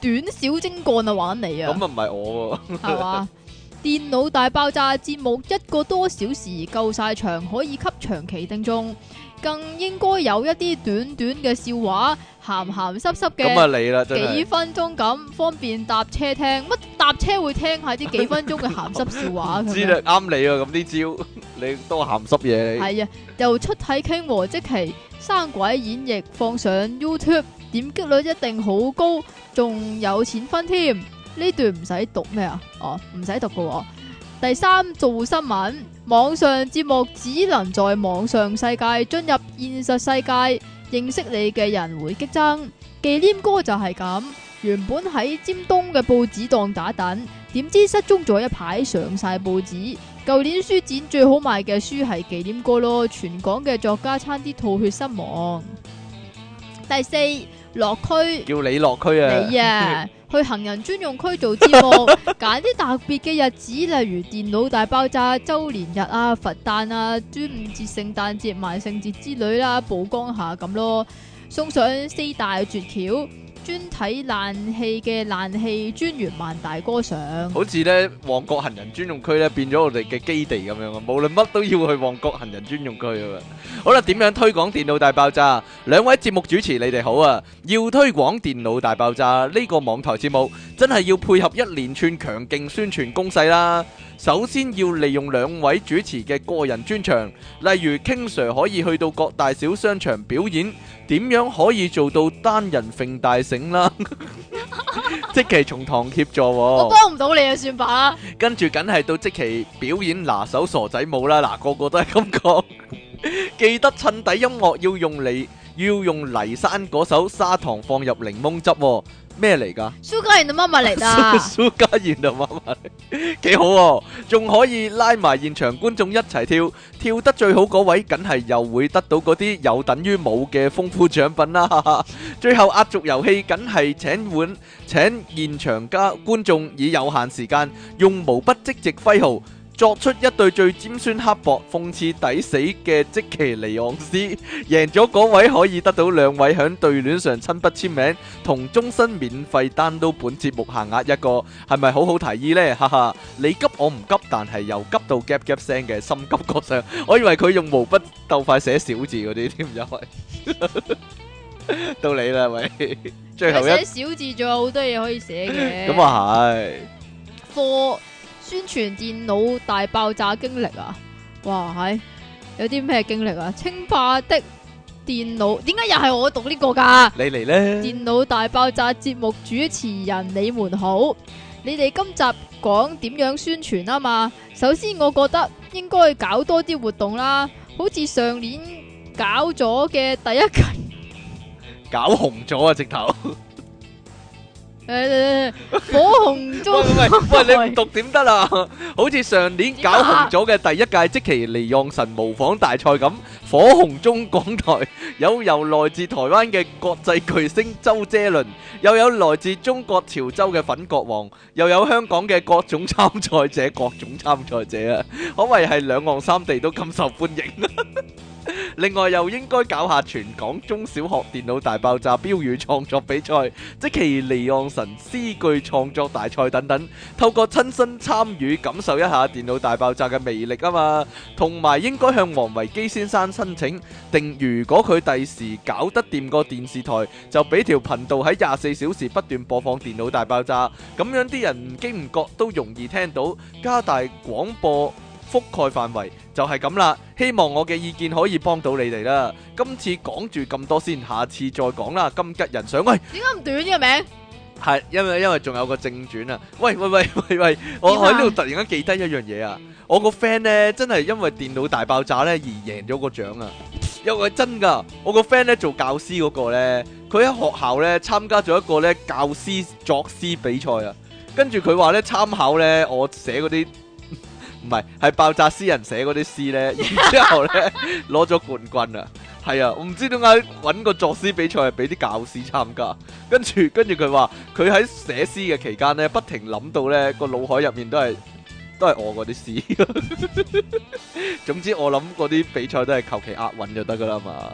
短小精幹啊吧，玩你啊！咁啊，唔係我喎，係話，電腦大爆炸節目一個多小時夠晒長，可以吸長期定中。更應該有一啲短短嘅笑話，鹹鹹濕濕嘅咁你幾分鐘咁，方便搭車聽乜搭車會聽下啲幾分鐘嘅鹹濕笑話。 [LAUGHS] 知啦道，啱樣你啊！咁呢 [LAUGHS] 招，你都鹹濕嘢。係啊 [LAUGHS] 又出體 king 和積淇生鬼演繹，放上 YouTube，點擊率一定好高，仲有錢分添。呢段唔使讀咩啊？哦，唔使讀個喎。第三做新聞，網上節目只能在網上世界，進入現實世界，認識你嘅人會激增。忌廉哥就係咁，原本喺尖東嘅報紙檔打躉，點知失蹤咗一排，上晒報紙。舊年書展最好賣嘅書係忌廉哥咯，全港嘅作家差啲吐血身亡。第四落區，叫你落區啊！你啊！ [LAUGHS] 去行人專用區做節目，揀啲 [LAUGHS] 特別嘅日子，例如電腦大爆炸週年日啊、佛誕啊、端午節、聖誕節、萬聖節之類啦，啊，曝光下咁咯，送上四大絕橋。專睇爛戲嘅爛戲專員萬大哥上，好似咧旺角行人專用區咧變咗我哋嘅基地咁樣啊！無論乜都要去旺角行人專用區啊！好啦，點樣推廣電腦大爆炸？兩位節目主持你哋好啊！要推廣電腦大爆炸呢個網台節目，真係要配合一連串強勁宣傳攻勢啦。首先要利用兩位主持嘅個人專長，例如 King Sir 可以去到各大小商場表演，點樣可以做到單人揈大城？啦，即期從旁協助，我幫唔到你就算罷。跟住梗係到即期表演拿手傻仔舞啦，嗱，個個都係咁講， [LAUGHS] 記得襯底音樂要用嚟要用泥山嗰首《砂糖放入檸檬汁》。咩嚟噶？蘇家燕同媽媽嚟㗎？蘇家燕同媽媽嚟？幾好哦，仲可以拉埋現場觀眾一齊跳，跳得最好嗰位，梗係又會得到嗰啲有等於冇嘅豐富獎品啦。 [LAUGHS] 最後壓軸遊戲，梗係請碗請現場加觀眾以有限時間用毛筆即席揮毫。作出一對最尖酸刻薄、諷刺抵死嘅即奇尼昂斯，贏咗嗰位可以得到兩位喺對聯上親筆簽名同終身免費單刀本節目限額一個，係咪好好提議呢？哈哈，你急我唔急，但係由急到夾夾聲嘅心急國上，我以為佢用毛筆鬥快寫小字嗰啲添，因為到你啦，喂，最後，寫小字仲有好多嘢可以寫嘅，咁啊係科。宣傳電腦大爆炸經歷啊！哇，係有啲咩經歷啊？清華的電腦點解又係我讀個呢個噶？你嚟咧！電腦大爆炸節目主持人，你們好！你哋今集講點樣宣傳啊？嘛，首先我覺得應該搞多啲活動啦，好似上年搞咗嘅第一季， [LAUGHS] 搞紅咗啊！直頭。 [LAUGHS] 哎哎哎、火紅中 [LAUGHS] 喂。喂喂喂， [LAUGHS] 你唔讀點得啊？ [LAUGHS] 好似上年搞紅咗嘅第一屆積淇離岸神模仿大賽咁。火紅中港台，有由來自台灣嘅國際巨星周杰倫，又有來自中國潮州嘅粉國王，又有香港嘅各種參賽者，各種參賽者啊，可謂係兩岸三地都咁受歡迎。另外又應該搞下全港中小學電腦大爆炸標語創作比賽、積淇離岸神詩句創作大賽等等，透過親身參與感受一下電腦大爆炸嘅魅力啊嘛，同埋應該向王維基先生，申請定如果佢第時搞得掂個電視台，就俾條頻道喺廿四小時不斷播放《電腦大爆炸》，咁樣啲人唔經唔覺都容易聽到，加大廣播覆蓋範圍就係咁啦。希望我嘅意見可以幫到你哋啦。今次講住咁多先，下次再講啦。金吉人上喂，點解咁短呢個名？係因為因為仲有個正傳啊！喂喂喂喂喂，我喺呢度突然間記得一樣嘢啊！我個 friend 咧真係因為電腦大爆炸咧而贏咗個獎啊！因為真噶，我個 friend 咧做教師嗰個咧，佢喺學校咧參加咗一個咧教師作詩比賽 [LAUGHS] [LAUGHS] 啊。跟住佢話咧，參考咧我寫嗰啲，唔係係爆炸詩人寫嗰啲詩咧，然之後咧攞咗冠軍啊。係啊，我唔知點解搵個作詩比賽俾啲教師參加。跟住跟住佢話，佢喺寫詩嘅期間咧，不停諗到咧個腦海入面都係。都係我嗰啲事。總之我諗嗰啲比賽都係求其押韻就得噶啦嘛。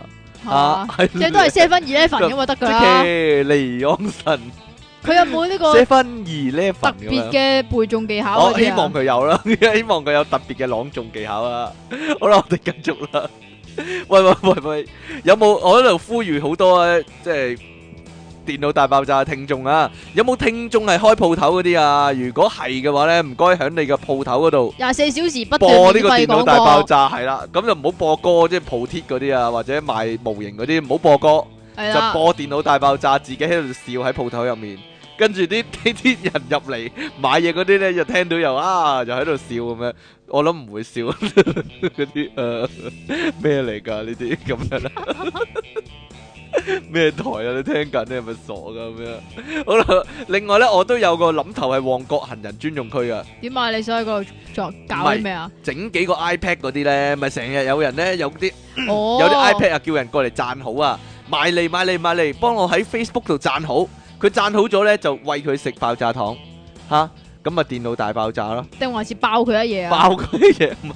啊，即係都係7-11咁就得噶啦。即係離岸神，佢有冇呢個7-11特別嘅背誦技巧？我希望佢有啦，希望佢有特別嘅朗誦技巧啦。好啦，我哋繼續啦。喂喂喂喂，有冇我喺度呼籲好多咧？即係。電腦大爆炸聽眾啊，有冇聽眾係開鋪頭嗰啲啊？如果係嘅話咧，唔該響你嘅鋪頭嗰度廿四小時播呢個電腦大爆炸係啦，咁就唔好播歌，即係鋪貼嗰啲啊，或者賣模型嗰啲，唔好播歌，就播電腦大爆炸，自己喺度笑喺鋪頭入面，跟住啲啲啲人入嚟買嘢嗰啲咧，就聽到又啊，又喺度笑咁樣，我諗唔會笑嗰啲，咩嚟噶呢啲咁樣咧？咩台啊？你聽緊？你係咪傻噶咁樣？好啦，另外咧，我都有個諗頭係旺角行人專用區噶。點啊？你想喺嗰度作搞啲咩啊？整幾個 iPad 嗰啲咧，咪成日有人咧，有啲有啲 iPad 啊，叫人過嚟讚好啊，埋嚟埋嚟埋嚟，幫我喺 Facebook 度讚好。佢讚好咗咧，就餵佢食爆炸糖吓。咁咪電腦大爆炸咯？定還是爆佢一嘢啊？爆佢一嘢唔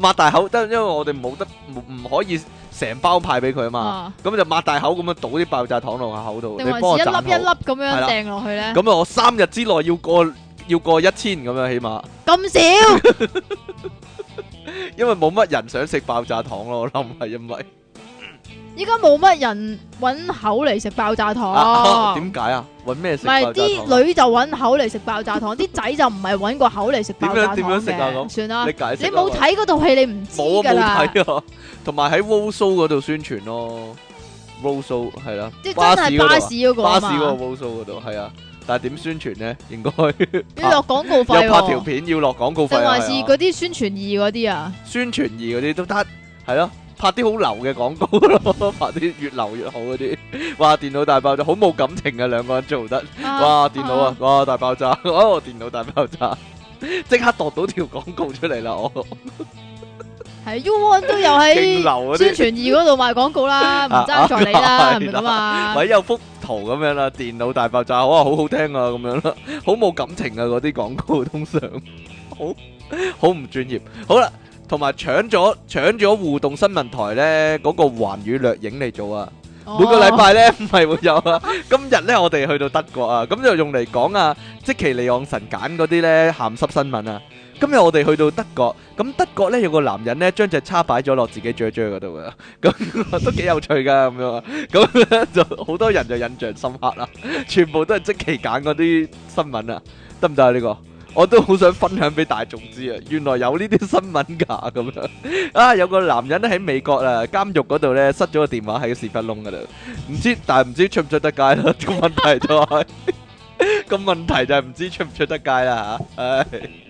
係擘大口，因因為我哋冇得唔可以成包派俾佢啊嘛。咁就擘大口咁樣倒啲爆炸糖落下口度。定還是一粒一粒咁樣掟落去咧？咁啊，我三日之內要過要過一千咁樣起碼。咁少？因為冇乜人想食爆炸糖咯，我諗係因為。依家冇乜人搵口嚟食爆炸糖，點解啊？搵咩食？唔係啲女就搵口嚟食爆炸糖，啲仔就唔係搵個口嚟食爆炸糖嘅。點 [LAUGHS] 樣點樣食啊？咁算啦，你解釋。你冇睇嗰套戲，你唔知噶啦。冇啊，冇睇啊。同埋喺 Woo Show 嗰度宣傳咯，Woo Show 係啦，啊，真係是巴士嗰個，巴士嗰個 Woo Show 嗰度係啊。但係點宣傳呢？應該 [LAUGHS] 要落廣告費喎，啊。 [LAUGHS] 又拍要拍條片，要落廣告費。還是嗰啲宣傳二嗰啲啊？宣傳二嗰啲都得，係咯，啊。拍啲好流嘅廣告咯，拍啲越流越好嗰啲。哇，電腦大爆炸，好冇感情啊！兩個人做得，哇，電腦啊，哇，大爆炸，我電腦大爆炸，即刻度到條廣告出嚟啦！我係 U One 都有喺宣傳二嗰度賣廣告啦，唔爭在你啦，係咪咁啊？咪有幅圖咁樣啦，電腦大爆炸，哇，好好聽啊，咁樣咯，好冇感情啊，嗰啲廣告通常，好好唔專業。好啦。同埋搶咗搶咗互動新聞台咧嗰個環宇掠影嚟做啊！每個禮拜咧唔係會有啊！今日咧我哋去到德國啊，咁就用嚟講啊，積淇離岸神揀嗰啲咧鹹濕新聞啊！今日我哋去到德國，咁德國咧有個男人咧將隻叉擺咗落自己嘴嘴嗰度啊！咁都幾有趣噶咁樣啊！咁就好多人就印象深刻啦，全部都係積淇揀嗰啲新聞啊，得唔得啊呢個？我都好想分享俾大衆知啊，原來有呢啲新聞噶咁樣 [LAUGHS] 啊，有個男人喺美國啦，監獄嗰度咧塞咗個電話喺個屎忽窿噶啦，唔知但係唔知出唔出得街咯，個問題就係個問題就係、是、唔 [LAUGHS] 知出唔出得街啦吓，唉、啊。 [LAUGHS]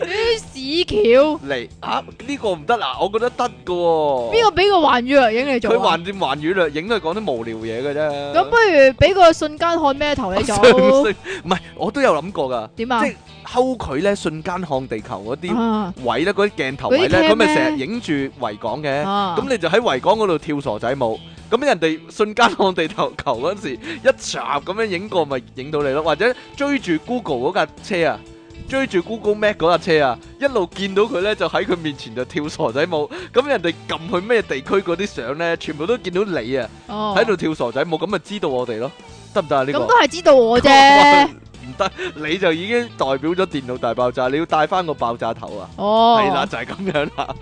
啲屎橋嚟，吓呢個唔得啦，我覺得得嘅。邊個俾個寰宇略影嚟做？佢幻變寰宇略影都係講啲無聊嘢嘅啫。咁不如俾個瞬間看咩頭你做？唔係，我都有諗過噶。點啊？即係睺佢咧，瞬間看地球嗰啲位咧，嗰啲鏡頭位咧，佢咪成日影住維港嘅。咁你就喺維港嗰度跳傻仔舞。咁人哋瞬間看地球球嗰時一集咁樣影過，咪影到你咯？或者追住 Google 嗰架車啊！追住 Google Map 嗰架車啊，一路見到佢呢，就喺佢面前就跳傻仔舞，咁人哋撳去咩地區嗰啲相呢，全部都見到你啊，喺度、oh. 跳傻仔舞，咁咪知道我哋咯，得唔得？你咁都係知道我啫，唔得， [LAUGHS] 你就已經代表咗電腦大爆炸，你要戴翻個爆炸頭啊，係啦、oh.，就係、是、咁樣啦，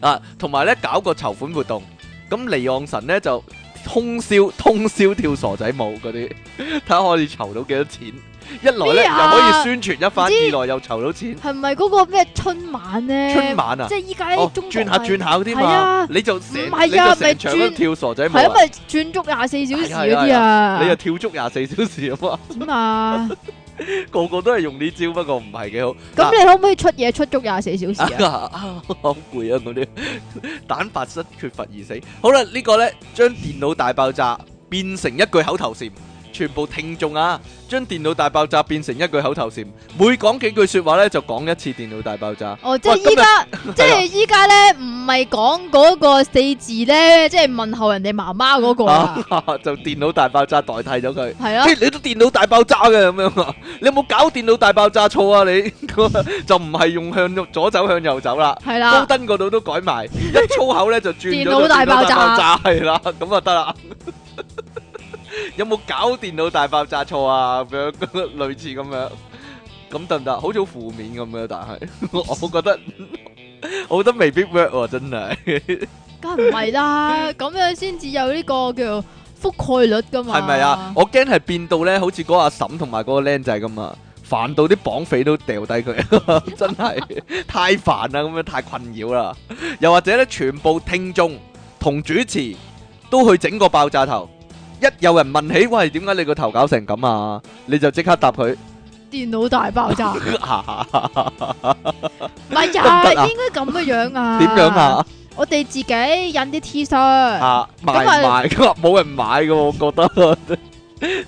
嗱，同埋呢，搞個籌款活動，咁離岸神呢，就通宵通宵跳傻仔舞嗰啲，睇下可以籌到幾多錢。一來咧又可以宣傳一番，二來又籌到錢。係咪嗰個咩春晚咧？春晚啊，即係依家哦，轉下轉下嗰啲嘛，你就唔係啊？跳傻仔？咪轉足廿四小時嗰啲啊？你又跳足廿四小時啊嘛？嘛，個個都係用呢招，不過唔係幾好。咁你可唔可以出嘢出足廿四小時啊？好攰啊！嗰啲蛋白質缺乏而死。好啦，呢個咧將電腦大爆炸變成一句口頭禪。全部聽眾啊，將電腦大爆炸變成一句口頭禪，每講幾句説話咧就講一次電腦大爆炸。哦，即係依家，即係依家咧唔係講嗰個四字咧，即係問候人哋媽媽嗰個啊，就電腦大爆炸代替咗佢。係咯，你都電腦大爆炸嘅咁樣啊？你有冇搞電腦大爆炸錯啊？你就唔係用向左走向右走啦，高登嗰度都改埋，一粗口咧就轉電腦大爆炸，大爆炸，係啦，咁啊得啦。有冇搞電腦大爆炸錯啊？咁 [LAUGHS] 樣，類似咁這樣，咁得唔得？好似好負面咁樣，但係我 [LAUGHS] 我覺得， [LAUGHS] 我覺得未必 work、啊、真係。梗係唔係啦，咁樣先至有呢個叫覆蓋率噶嘛。係咪啊？我驚係變到咧，好似嗰阿嬸同埋嗰個僆仔咁啊，煩到啲綁匪都掉低佢，真係太煩啦！咁樣太困擾啦。 [LAUGHS] 又或者咧，全部聽眾同主持都去整個爆炸頭。一有人問起，喂，點解你個頭搞成咁啊？你就即刻答佢，電腦大爆炸。唔係啊，應該咁嘅樣啊。點樣啊？我哋自己印啲 T 恤，咁啊冇人買嘅，我覺得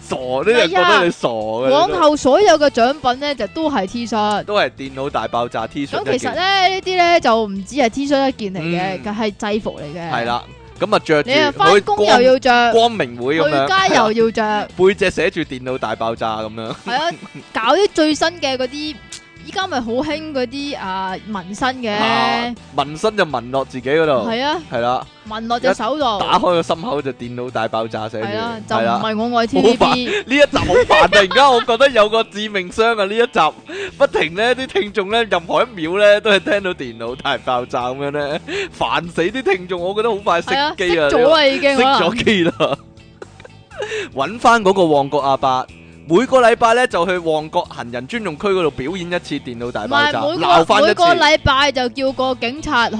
傻啲，覺得你傻嘅。往後所有嘅獎品咧，就都係 T 恤，都係電腦大爆炸 T 恤。咁其實咧呢啲咧就唔止係 T 恤一件嚟嘅，佢係制服嚟嘅。係啦。咁啊，翻工又要著光明會咁樣，背街又要着，啊，背脊寫住電腦大爆炸咁樣，係啊， [LAUGHS] 搞啲最新嘅嗰啲。而家咪好興嗰啲啊紋身嘅，紋身就紋落自己嗰度，係啊，係啦，紋落隻手度，打開個心口就電腦大爆炸聲，係啊，就唔係我愛 TVB，好煩呢一集好煩，突然間我覺得有個致命傷啊！呢一集不停咧，啲聽眾咧任何一秒咧都係聽到電腦大爆炸咁樣咧，煩死啲聽眾，我覺得好快熄機啊，熄咗啦已經，熄咗機啦，搵翻嗰個旺角阿伯。每個禮拜咧就去旺角行人專用區嗰度表演一次電腦大爆炸，鬧翻一次。每個每個禮拜就叫個警察去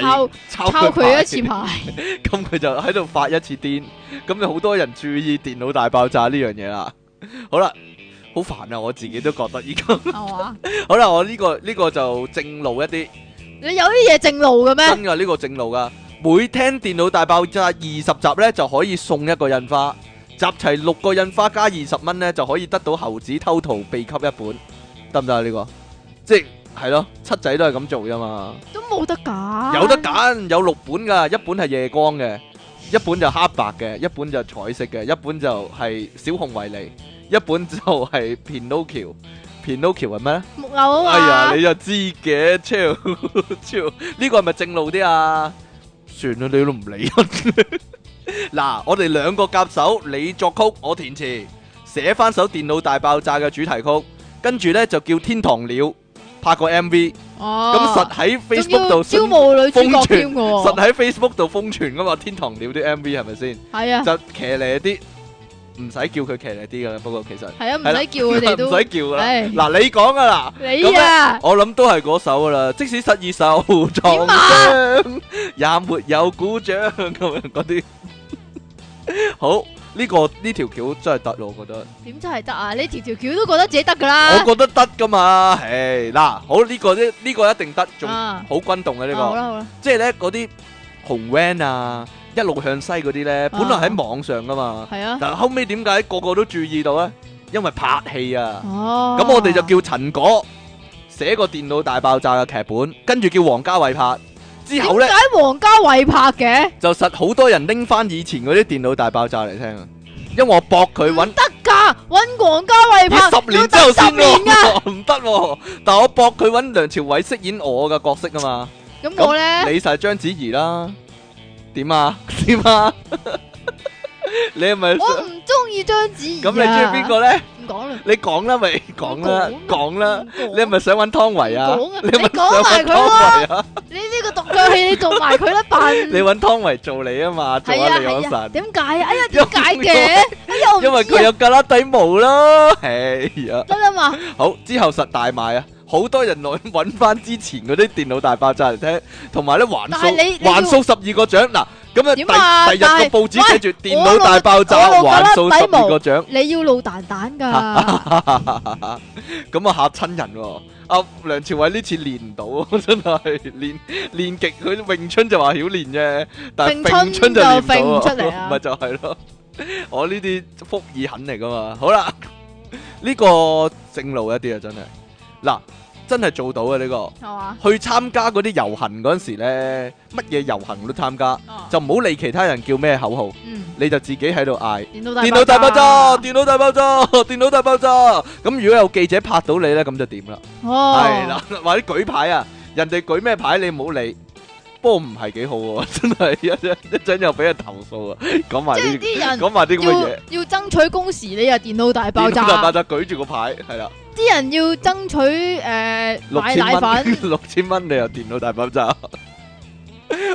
抄抄佢一次牌，咁佢就喺度發一次癲，咁就好多人注意電腦大爆炸呢樣嘢啦。好啦，好煩啊，我自己都覺得依家。好啦，我呢個呢個就正路一啲。你有啲嘢正路嘅咩？真嘅呢個正路噶，每聽電腦大爆炸二十集咧就可以送一個印花。集齊六個印花加二十蚊咧，就可以得到猴子偷桃秘笈一本，得唔得啊？呢個即係咯，七仔都係咁做噶嘛。都冇得揀。有得揀，有六本噶，一本係夜光嘅，一本就黑白嘅，一本就彩色嘅，一本就係小熊維尼，一本就係《皮諾喬》。《皮諾喬》係咩？木偶！哎呀，你又知嘅，超超呢個係咪正路啲啊？算啦，你都唔理 [LAUGHS] 嗱，我哋兩個夾手，你作曲，我填詞，寫返首電腦大爆炸嘅主題曲，跟住咧就叫天堂鳥拍個 MV，咁實喺 Facebook 度瘋傳，實喺 Facebook 度瘋傳噶嘛？天堂鳥啲 MV 係咪先？係啊，就騎呢啲，唔使叫佢騎呢啲噶啦。不過其實係啊，唔使叫佢哋，唔使叫啦。嗱，你講噶啦，你啊，我諗都係嗰首啦。即使失意受創傷，也沒有鼓掌咁樣嗰啲。 [LAUGHS] 好呢、這個呢條橋真係得咯，我覺得點真係得啊！呢條條橋都覺得自己得噶啦， [LAUGHS] 我覺得得噶嘛。唉，嗱，好呢、這個呢呢、這個一定得，仲好轟動嘅、啊、呢、啊這個，即係咧嗰啲紅 van 啊，一路向西嗰啲咧，啊、本來喺網上噶嘛，嗱、啊、後尾點解個個都注意到咧？因為拍戲啊，咁、啊、我哋就叫陳果寫個電腦大爆炸嘅劇本，跟住叫王家衛拍。之後咧，點解王家衛拍嘅？就實好多人拎翻以前嗰啲電腦大爆炸嚟聽啊！因為我搏佢揾得噶，揾王家衛拍，要等十年噶，唔得。但係我搏佢揾梁朝偉飾演我嘅角色啊嘛。咁我咧，你就係章子怡啦。點啊？點啊？你係咪？我唔中意章子怡。咁你中意邊個咧？講啦，你講啦咪講啦，講啦，你係咪想揾湯唯啊？講啊，你講埋佢咯， [LAUGHS] 你呢個獨腳戲你做埋佢啦笨。你揾湯唯做你啊嘛，做 [LAUGHS] 啊離岸神。點解啊,啊？哎呀，點解嘅？為哎呀，因為佢有格拉底毛咯，係啊。得啦嘛。好，之後實大賣啊！好多人來揾翻之前嗰啲電腦大爆炸嚟聽，同埋咧還數還數十二個獎嗱。咁啊，第第日個報紙寫住電腦大爆炸還數十二個獎。你要老蛋蛋噶，咁啊嚇親人阿梁朝偉呢次練唔到，真係練練極佢詠春就話曉練啫，但係詠春就練唔到，咪就係 [LAUGHS] 咯。我呢啲福爾肯嚟噶嘛。好啦，呢、這個正路一啲啊，真係。嗱，真係做到啊呢個，去參加嗰啲遊行嗰陣時咧，乜嘢遊行都參加，就唔好理其他人叫咩口號，你就自己喺度嗌電腦大爆炸，電腦大爆炸，電腦大爆炸。咁如果有記者拍到你咧，咁就點啦？哦，係啦，或者舉牌啊，人哋舉咩牌你唔好理，不過唔係幾好喎，真係一陣一陣又俾人投訴啊，講埋啲講埋啲咁嘅嘢，要爭取工時你又電腦大爆炸，大爆炸舉住個牌係啦。啲人要爭取誒買奶粉，六千蚊你又電腦大爆炸，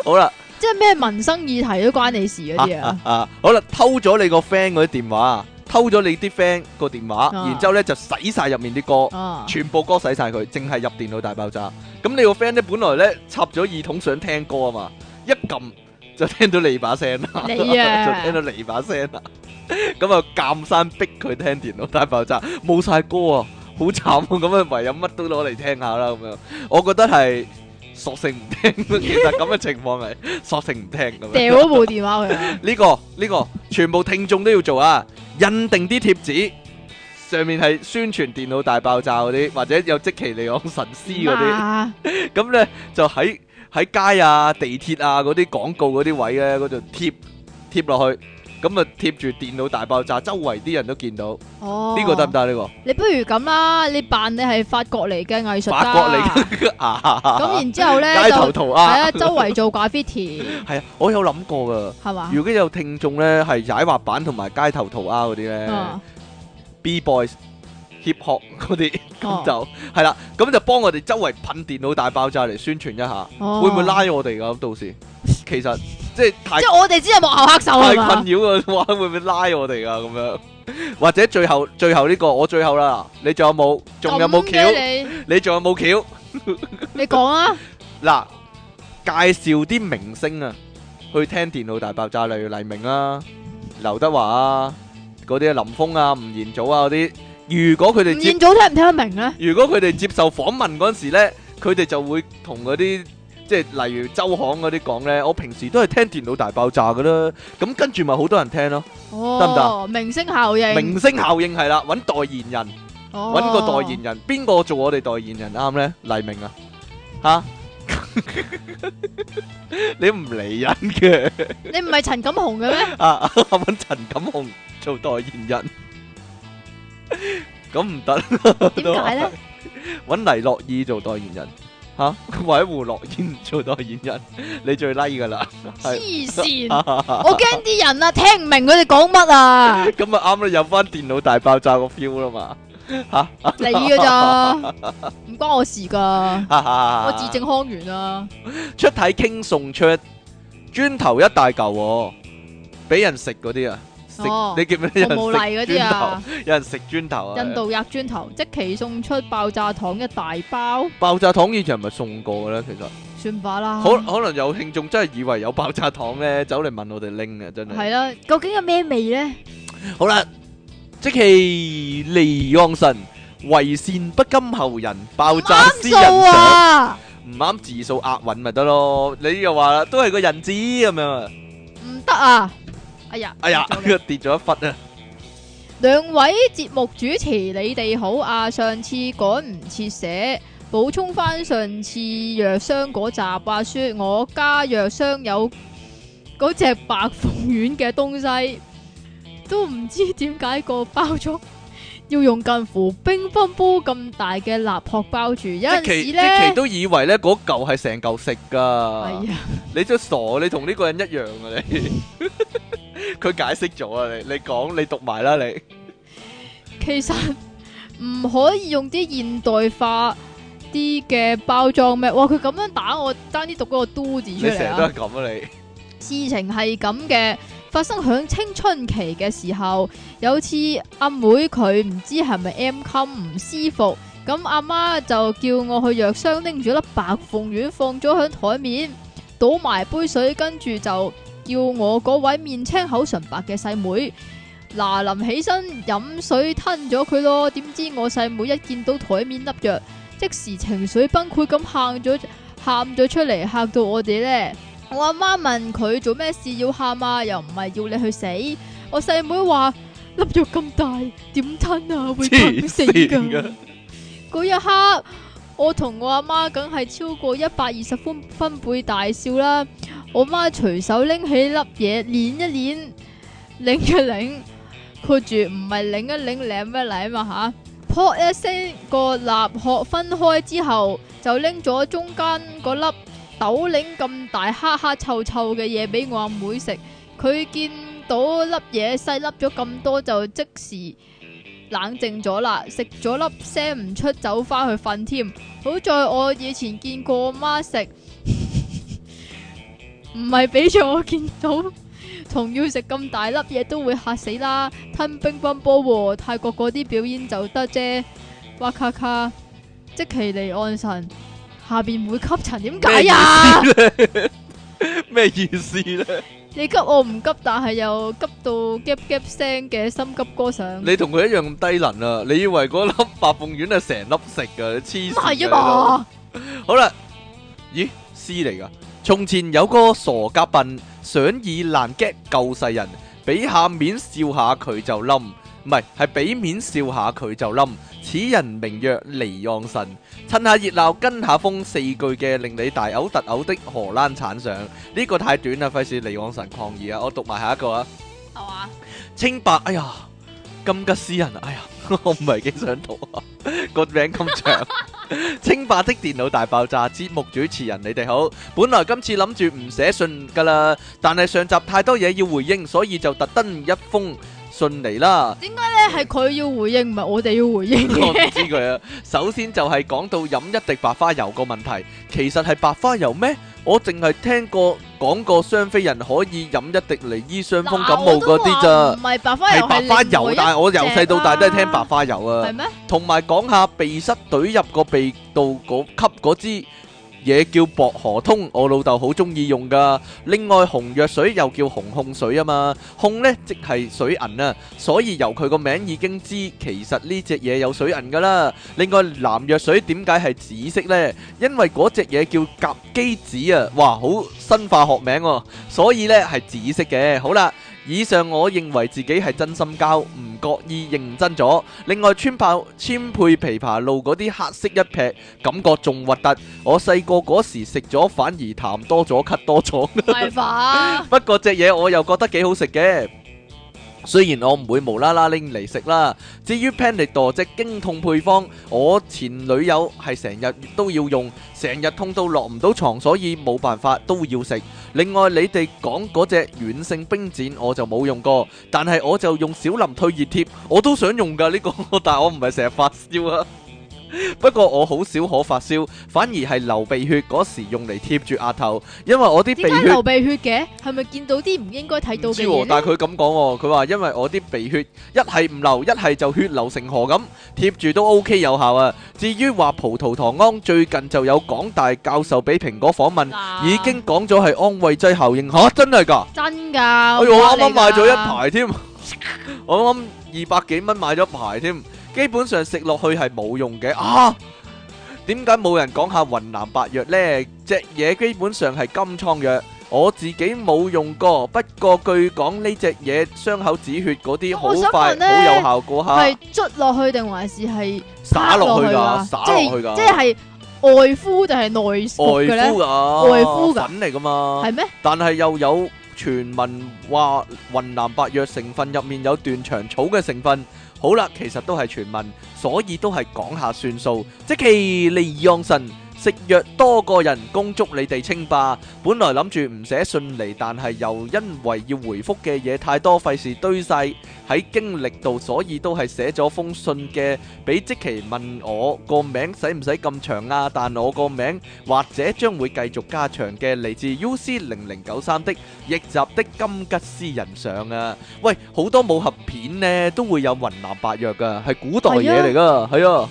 好啦，即係咩民生議題都關你事嗰啲啊？啊，好啦，偷咗你個 friend 嗰啲電話，偷咗你啲 friend 個電話，然之後咧就洗晒入面啲歌，全部歌洗晒佢，淨係入電腦大爆炸。咁你個 friend 咧本來咧插咗耳筒想聽歌啊嘛，一撳就聽到你把聲啦，你啊，就聽到你把聲啦。咁啊，夾山逼佢聽電腦大爆炸，冇晒歌啊！好慘啊！咁啊，唯有乜都攞嚟聽下啦咁樣。我覺得係索性唔聽，其實咁嘅情況係 [LAUGHS] 索性唔聽咁樣。掉部電話去。呢、 [LAUGHS] [LAUGHS] 這個呢、這個，全部聽眾都要做啊！印定啲貼紙，上面係宣傳電腦大爆炸嗰啲，或者有積淇離岸神嗰啲。咁咧、啊、 [LAUGHS] 就喺喺街啊、地鐵啊嗰啲廣告嗰啲位咧，嗰度貼貼落去。咁啊，貼住電腦大爆炸，周圍啲人都見到。哦，呢個得唔得？呢個你不如咁啦，你扮你係法國嚟嘅藝術家。法國嚟嘅啊！咁然之後咧就，係啊，周圍做街頭塗鴉。係啊，我有諗過噶。係嘛？如果有聽眾咧，係踩滑板同埋街頭塗鴉嗰啲咧，B boys、hip hop 嗰啲咁就係啦。咁就幫我哋周圍噴電腦大爆炸嚟宣傳一下。哦，會唔會拉我哋噶？到時其實。即係即係我哋只係幕後黑手係嘛？太困擾啦，會唔會拉我哋啊？咁樣或者最後最後呢個我最後啦，你仲有冇仲有冇橋？你仲有冇橋？你講啊！嗱，介紹啲明星啊，去聽電腦大爆炸，例如黎明啊、劉德華啊、嗰啲啊、林峰啊、吳彥祖啊嗰啲。如果佢哋吳彥祖聽唔聽得明咧？如果佢哋接受訪問嗰陣時咧，佢哋就會同嗰啲。即係例如周行嗰啲講咧，我平時都係聽電腦大爆炸噶啦，咁跟住咪好多人聽咯，得唔得？明星效應，明星效應係啦，搵代言人，搵個代言人，邊個做我哋代言人啱咧？黎明啊，吓？你唔理人嘅，你唔係陳錦鴻嘅咩？啊，搵陳錦鴻做代言人，咁唔得，點解咧？搵黎諾懿做代言人。吓，委、啊、胡樂演做多演人，你最 like 噶啦，黐線！ [LAUGHS] 我驚啲人啊，聽唔明佢哋講乜啊！咁咪啱啦，有翻電腦大爆炸個 feel 啦嘛，吓， [LAUGHS] [LAUGHS] [LAUGHS] 你噶咋，唔關我的事噶， [LAUGHS] [LAUGHS] 我字正腔圓啊！出體 king 送出磚頭一大嚿、哦，俾人食嗰啲啊！吃哦，你見唔見有人食磚頭？啊，有人食磚頭，頭啊！印度壓磚頭，積淇送出爆炸糖嘅大包。爆炸糖以前唔係送過嘅咩？其實算罷啦。可可能有聽眾真係以為有爆炸糖咧，走嚟問我哋拎啊！真係係啦，究竟有咩味咧？好啦，積淇離岸神為善不甘後人，爆炸，啊，私人想唔啱字數押韻咪得咯？你又話都係個人字咁樣，唔得啊！哎呀，哎呀，跌咗一忽啊！兩位節目主持，你哋好啊！上次趕唔切寫，補充翻上次藥箱嗰集，話說我家藥箱有嗰隻白鳳丸嘅東西，都唔知點解個包裝要用近乎乒乓波咁大嘅蠟殼包住，有陣時咧，都以為咧嗰嚿係成嚿食㗎。哎呀，你真傻，你同呢個人一樣啊！你。佢解釋咗啊！你你講，你讀埋啦你。 [LAUGHS] [LAUGHS] 其實唔可以用啲現代化啲嘅包裝咩？哇！佢咁樣打我，爭啲讀嗰個都字出嚟。你成日都係咁啊！你事情係咁嘅， [LAUGHS] 發生喺青春期嘅時候。有次阿妹佢唔知係咪 M 襟唔舒服，咁阿媽就叫我去藥箱拎住粒白鳳丸，放咗喺台面，倒埋杯水，跟住就。要我嗰位面青口唇白嘅細妹，妹，嗱，臨起身飲水吞咗佢咯。點知我細妹，妹一見到台面粒藥，即時情緒崩潰咁喊咗，喊咗出嚟，吓到我哋呢。我阿媽問佢做咩事要喊啊？又唔係要你去死。我細妹話粒藥咁大，點吞啊？會吞死噶。嗰 [LAUGHS] 一刻，我同我阿媽梗係超過一百二十分分貝大笑啦。我媽隨手拎起粒嘢，擰一擰，擰一擰，括住唔係擰一擰擰咩嚟啊嘛吓，扑一聲個立殼分開之後，就拎咗中間嗰粒豆擰咁大，黑黑臭臭嘅嘢俾我阿妹食。佢見到粒嘢細粒咗咁多，就即時冷靜咗啦，食咗粒聲唔出，走翻去瞓添。好在我以前見過媽食。 [LAUGHS] 唔係俾咗，我見到，同要食咁大粒嘢都會嚇死啦！吞乒乓波和泰國嗰啲表演就得啫。哇咔咔，積淇離岸神下邊唔會吸塵，點解呀？咩意思咧？咩意思咧？你急我唔急，但係又急到夾夾聲嘅心急歌上。你同佢一樣咁低能啊！你以為嗰粒白鳳丸係成粒食噶？黐線啊！好啦，咦，C 嚟噶？從前有個傻甲笨，想以爛腳救世人，俾下面笑下佢就冧，唔係係俾面笑下佢就冧。此人名曰離岸神，趁下熱鬧跟下風，四句嘅令你大嘔特嘔的荷蘭產相。呢個太短啦，費事離岸神抗議啊！我讀埋下一個啊，清白，哎呀！金吉斯人，哎呀，我唔係幾想讀啊，個 [LAUGHS] 名咁那長。 [LAUGHS] 清霸的電腦大爆炸節目主持人，你哋好。本來今次諗住唔寫信㗎喇，但係上集太多嘢要回應，所以就特登一封。進嚟啦！點解咧係佢要回應，唔係我哋要回應 [LAUGHS] 我唔知佢啊。首先就係講到飲一滴白花油個問題，其實係白花油咩？我淨係聽過講過雙飛人可以飲一滴嚟醫傷風感冒嗰啲咋。唔係白，白花油，係白花油。但係我由細到大都係聽白花油啊。係咩嗎？同埋講下鼻塞懟入個鼻道嗰吸嗰支。嘢叫薄荷通，我老豆好中意用噶。另外紅藥水又叫紅控水啊嘛，控呢即係水銀啊，所以由佢個名已經知，其實呢隻嘢有水銀噶啦。另外藍藥水點解係紫色呢？因為嗰隻嘢叫甲基紫啊，哇，好新化學名啊，所以呢係紫色嘅。好啦。以上我認為自己係真心膠，唔覺意認真咗。另外，川貝、川貝枇杷露嗰啲黑色一劈，感覺仲核突。我細個嗰時食咗，反而痰多咗，咳多咗。 [LAUGHS] 不， [LAUGHS] 不過隻嘢我又覺得幾好食嘅。雖然我唔會無啦啦拎嚟食啦，至於 Panadol 隻經痛配方，我前女友係成日都要用，成日痛到落唔到床，所以冇辦法都要食。另外你哋講嗰隻軟性冰枕我就冇用過，但係我就用小林退熱貼，我都想用㗎呢、呢個，但係我唔係成日發燒啊。 [LAUGHS] 不過我好少可發燒，反而係流鼻血嗰時用嚟貼住額頭，因為我啲鼻血流鼻血嘅係咪見到啲唔應該睇到嘅、啊、但係佢咁講，佢話因為我啲鼻血一係唔流，一係就血流成河咁貼住都 OK 有效啊。至於話葡萄糖胺，最近就有港大教授俾蘋果訪問，啊、已經講咗係安慰劑效應，吓、啊、真係噶真噶的。哎、呦我啱啱買咗一排添， [LAUGHS] [LAUGHS] [LAUGHS] 我啱啱二百幾蚊買咗一排添。基本上食落去係冇用嘅啊！點解冇人講下雲南白藥咧？隻嘢基本上係金瘡藥，我自己冇用過。不過據講呢隻嘢傷口止血嗰啲好快，好有效果。吓，係捽落去定還是係灑落去噶灑落去噶，即係外敷定係內敷嘅咧？外敷噶，外敷粉嚟噶嘛？係咩？但係又有傳聞話雲南白藥成分入面有斷腸草嘅成分。好啦，其實都係傳聞，所以都係講下算數，即係離岸神。食藥多個人，恭祝你哋稱霸。本來諗住唔寫信嚟，但係又因為要回覆嘅嘢太多，費事堆曬喺經歷度，所以都係寫咗封信嘅。俾積淇問我個名使唔使咁長啊？但我個名或者將會繼續加長嘅，嚟自 UC0093 的逆襲的金吉斯人上啊！喂，好多武俠片呢都會有雲南白藥㗎，係古代嘢嚟㗎，係啊，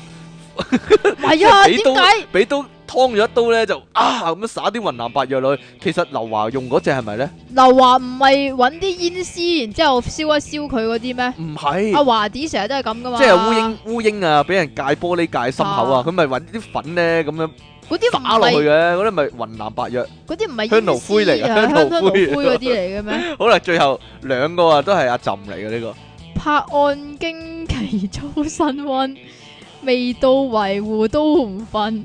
係啊，點解俾都？劏咗一刀咧，就啊咁樣灑啲雲南白藥落去。其實劉華用嗰隻係咪咧？劉華唔係揾啲煙絲，然之後燒一燒佢嗰啲咩？唔係是阿華子成日都係咁噶嘛？即係烏蠅烏蠅啊！俾、啊、人戒玻璃戒心口啊！佢咪揾啲粉咧，咁樣嗰啲打落去嘅，嗰啲咪雲南白藥嗰啲，唔係香爐灰嚟嘅，香爐灰嗰啲嚟嘅咩？ [LAUGHS] 好啦，最後兩個啊，都係阿朕嚟嘅呢個 [LAUGHS] 拍案驚奇，操身温未到，維護都唔瞓。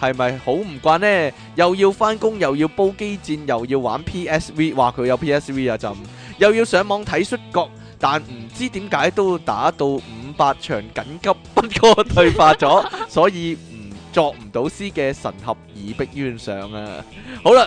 係咪好唔慣呢？又要返工，又要煲機戰，又要玩 PSV，話佢有 PSV 啊？就又要上網睇摔角，但唔知點解都打到五百場緊急，不過退化咗，所以唔作唔到師嘅神俠而逼冤上啊！好啦。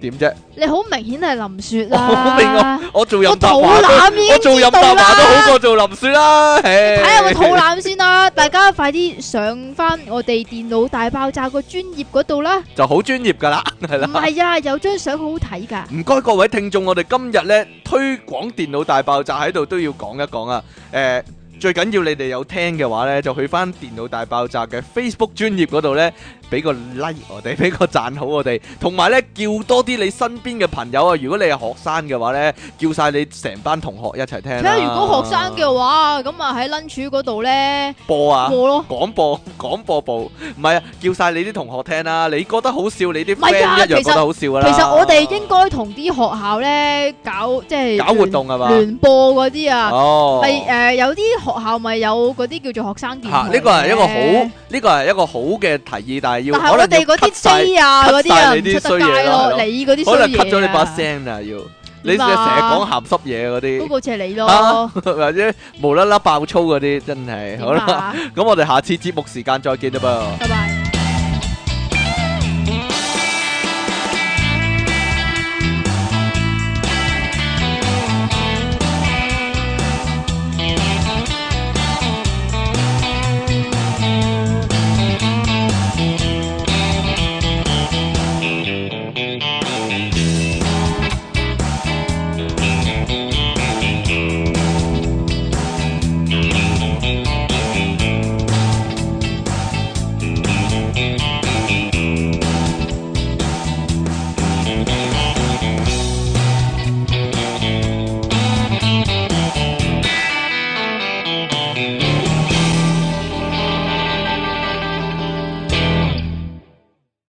點啫？你好明顯係林雪啦！我做任達華，我做任達華都好過做林雪啦。睇下我肚腩先啦！大家快啲上翻我哋電腦大爆炸個專頁嗰度啦，就好專業噶啦，係啦。唔係啊，有張相好好睇噶。唔該各位聽眾，我哋今日咧推廣電腦大爆炸喺度都要講一講啊。誒，最緊要你哋有聽嘅話咧，就去翻電腦大爆炸嘅 Facebook 專頁嗰度咧。俾個 like 我哋，俾個讚好我哋，同埋咧叫多啲你身邊嘅朋友啊！如果你係學生嘅話咧，叫晒你成班同學一齊聽。如果學生嘅話，咁啊喺 lunch 嗰度咧播啊播咯，廣播廣播部，唔係啊，叫晒你啲同學聽啦！你覺得好笑，你啲 friend 一樣覺得好笑噶啦、啊其、啊、其實我哋應該同啲學校咧搞，即係搞活動係嘛，聯播嗰啲啊，係誒、哦呃、有啲學校咪有嗰啲叫做學生電台，呢個係一個好呢個係一個好嘅提議，但係我哋嗰啲衰啊，嗰啲啊唔出得街咯，你嗰啲衰嘢啊，可能 cut 咗你把聲啊，要你成日講鹹濕嘢嗰啲，嗰個好似係你咯，或者無啦啦爆粗嗰啲，真係好啦，咁我哋下次節目時間再見啦噃，拜拜。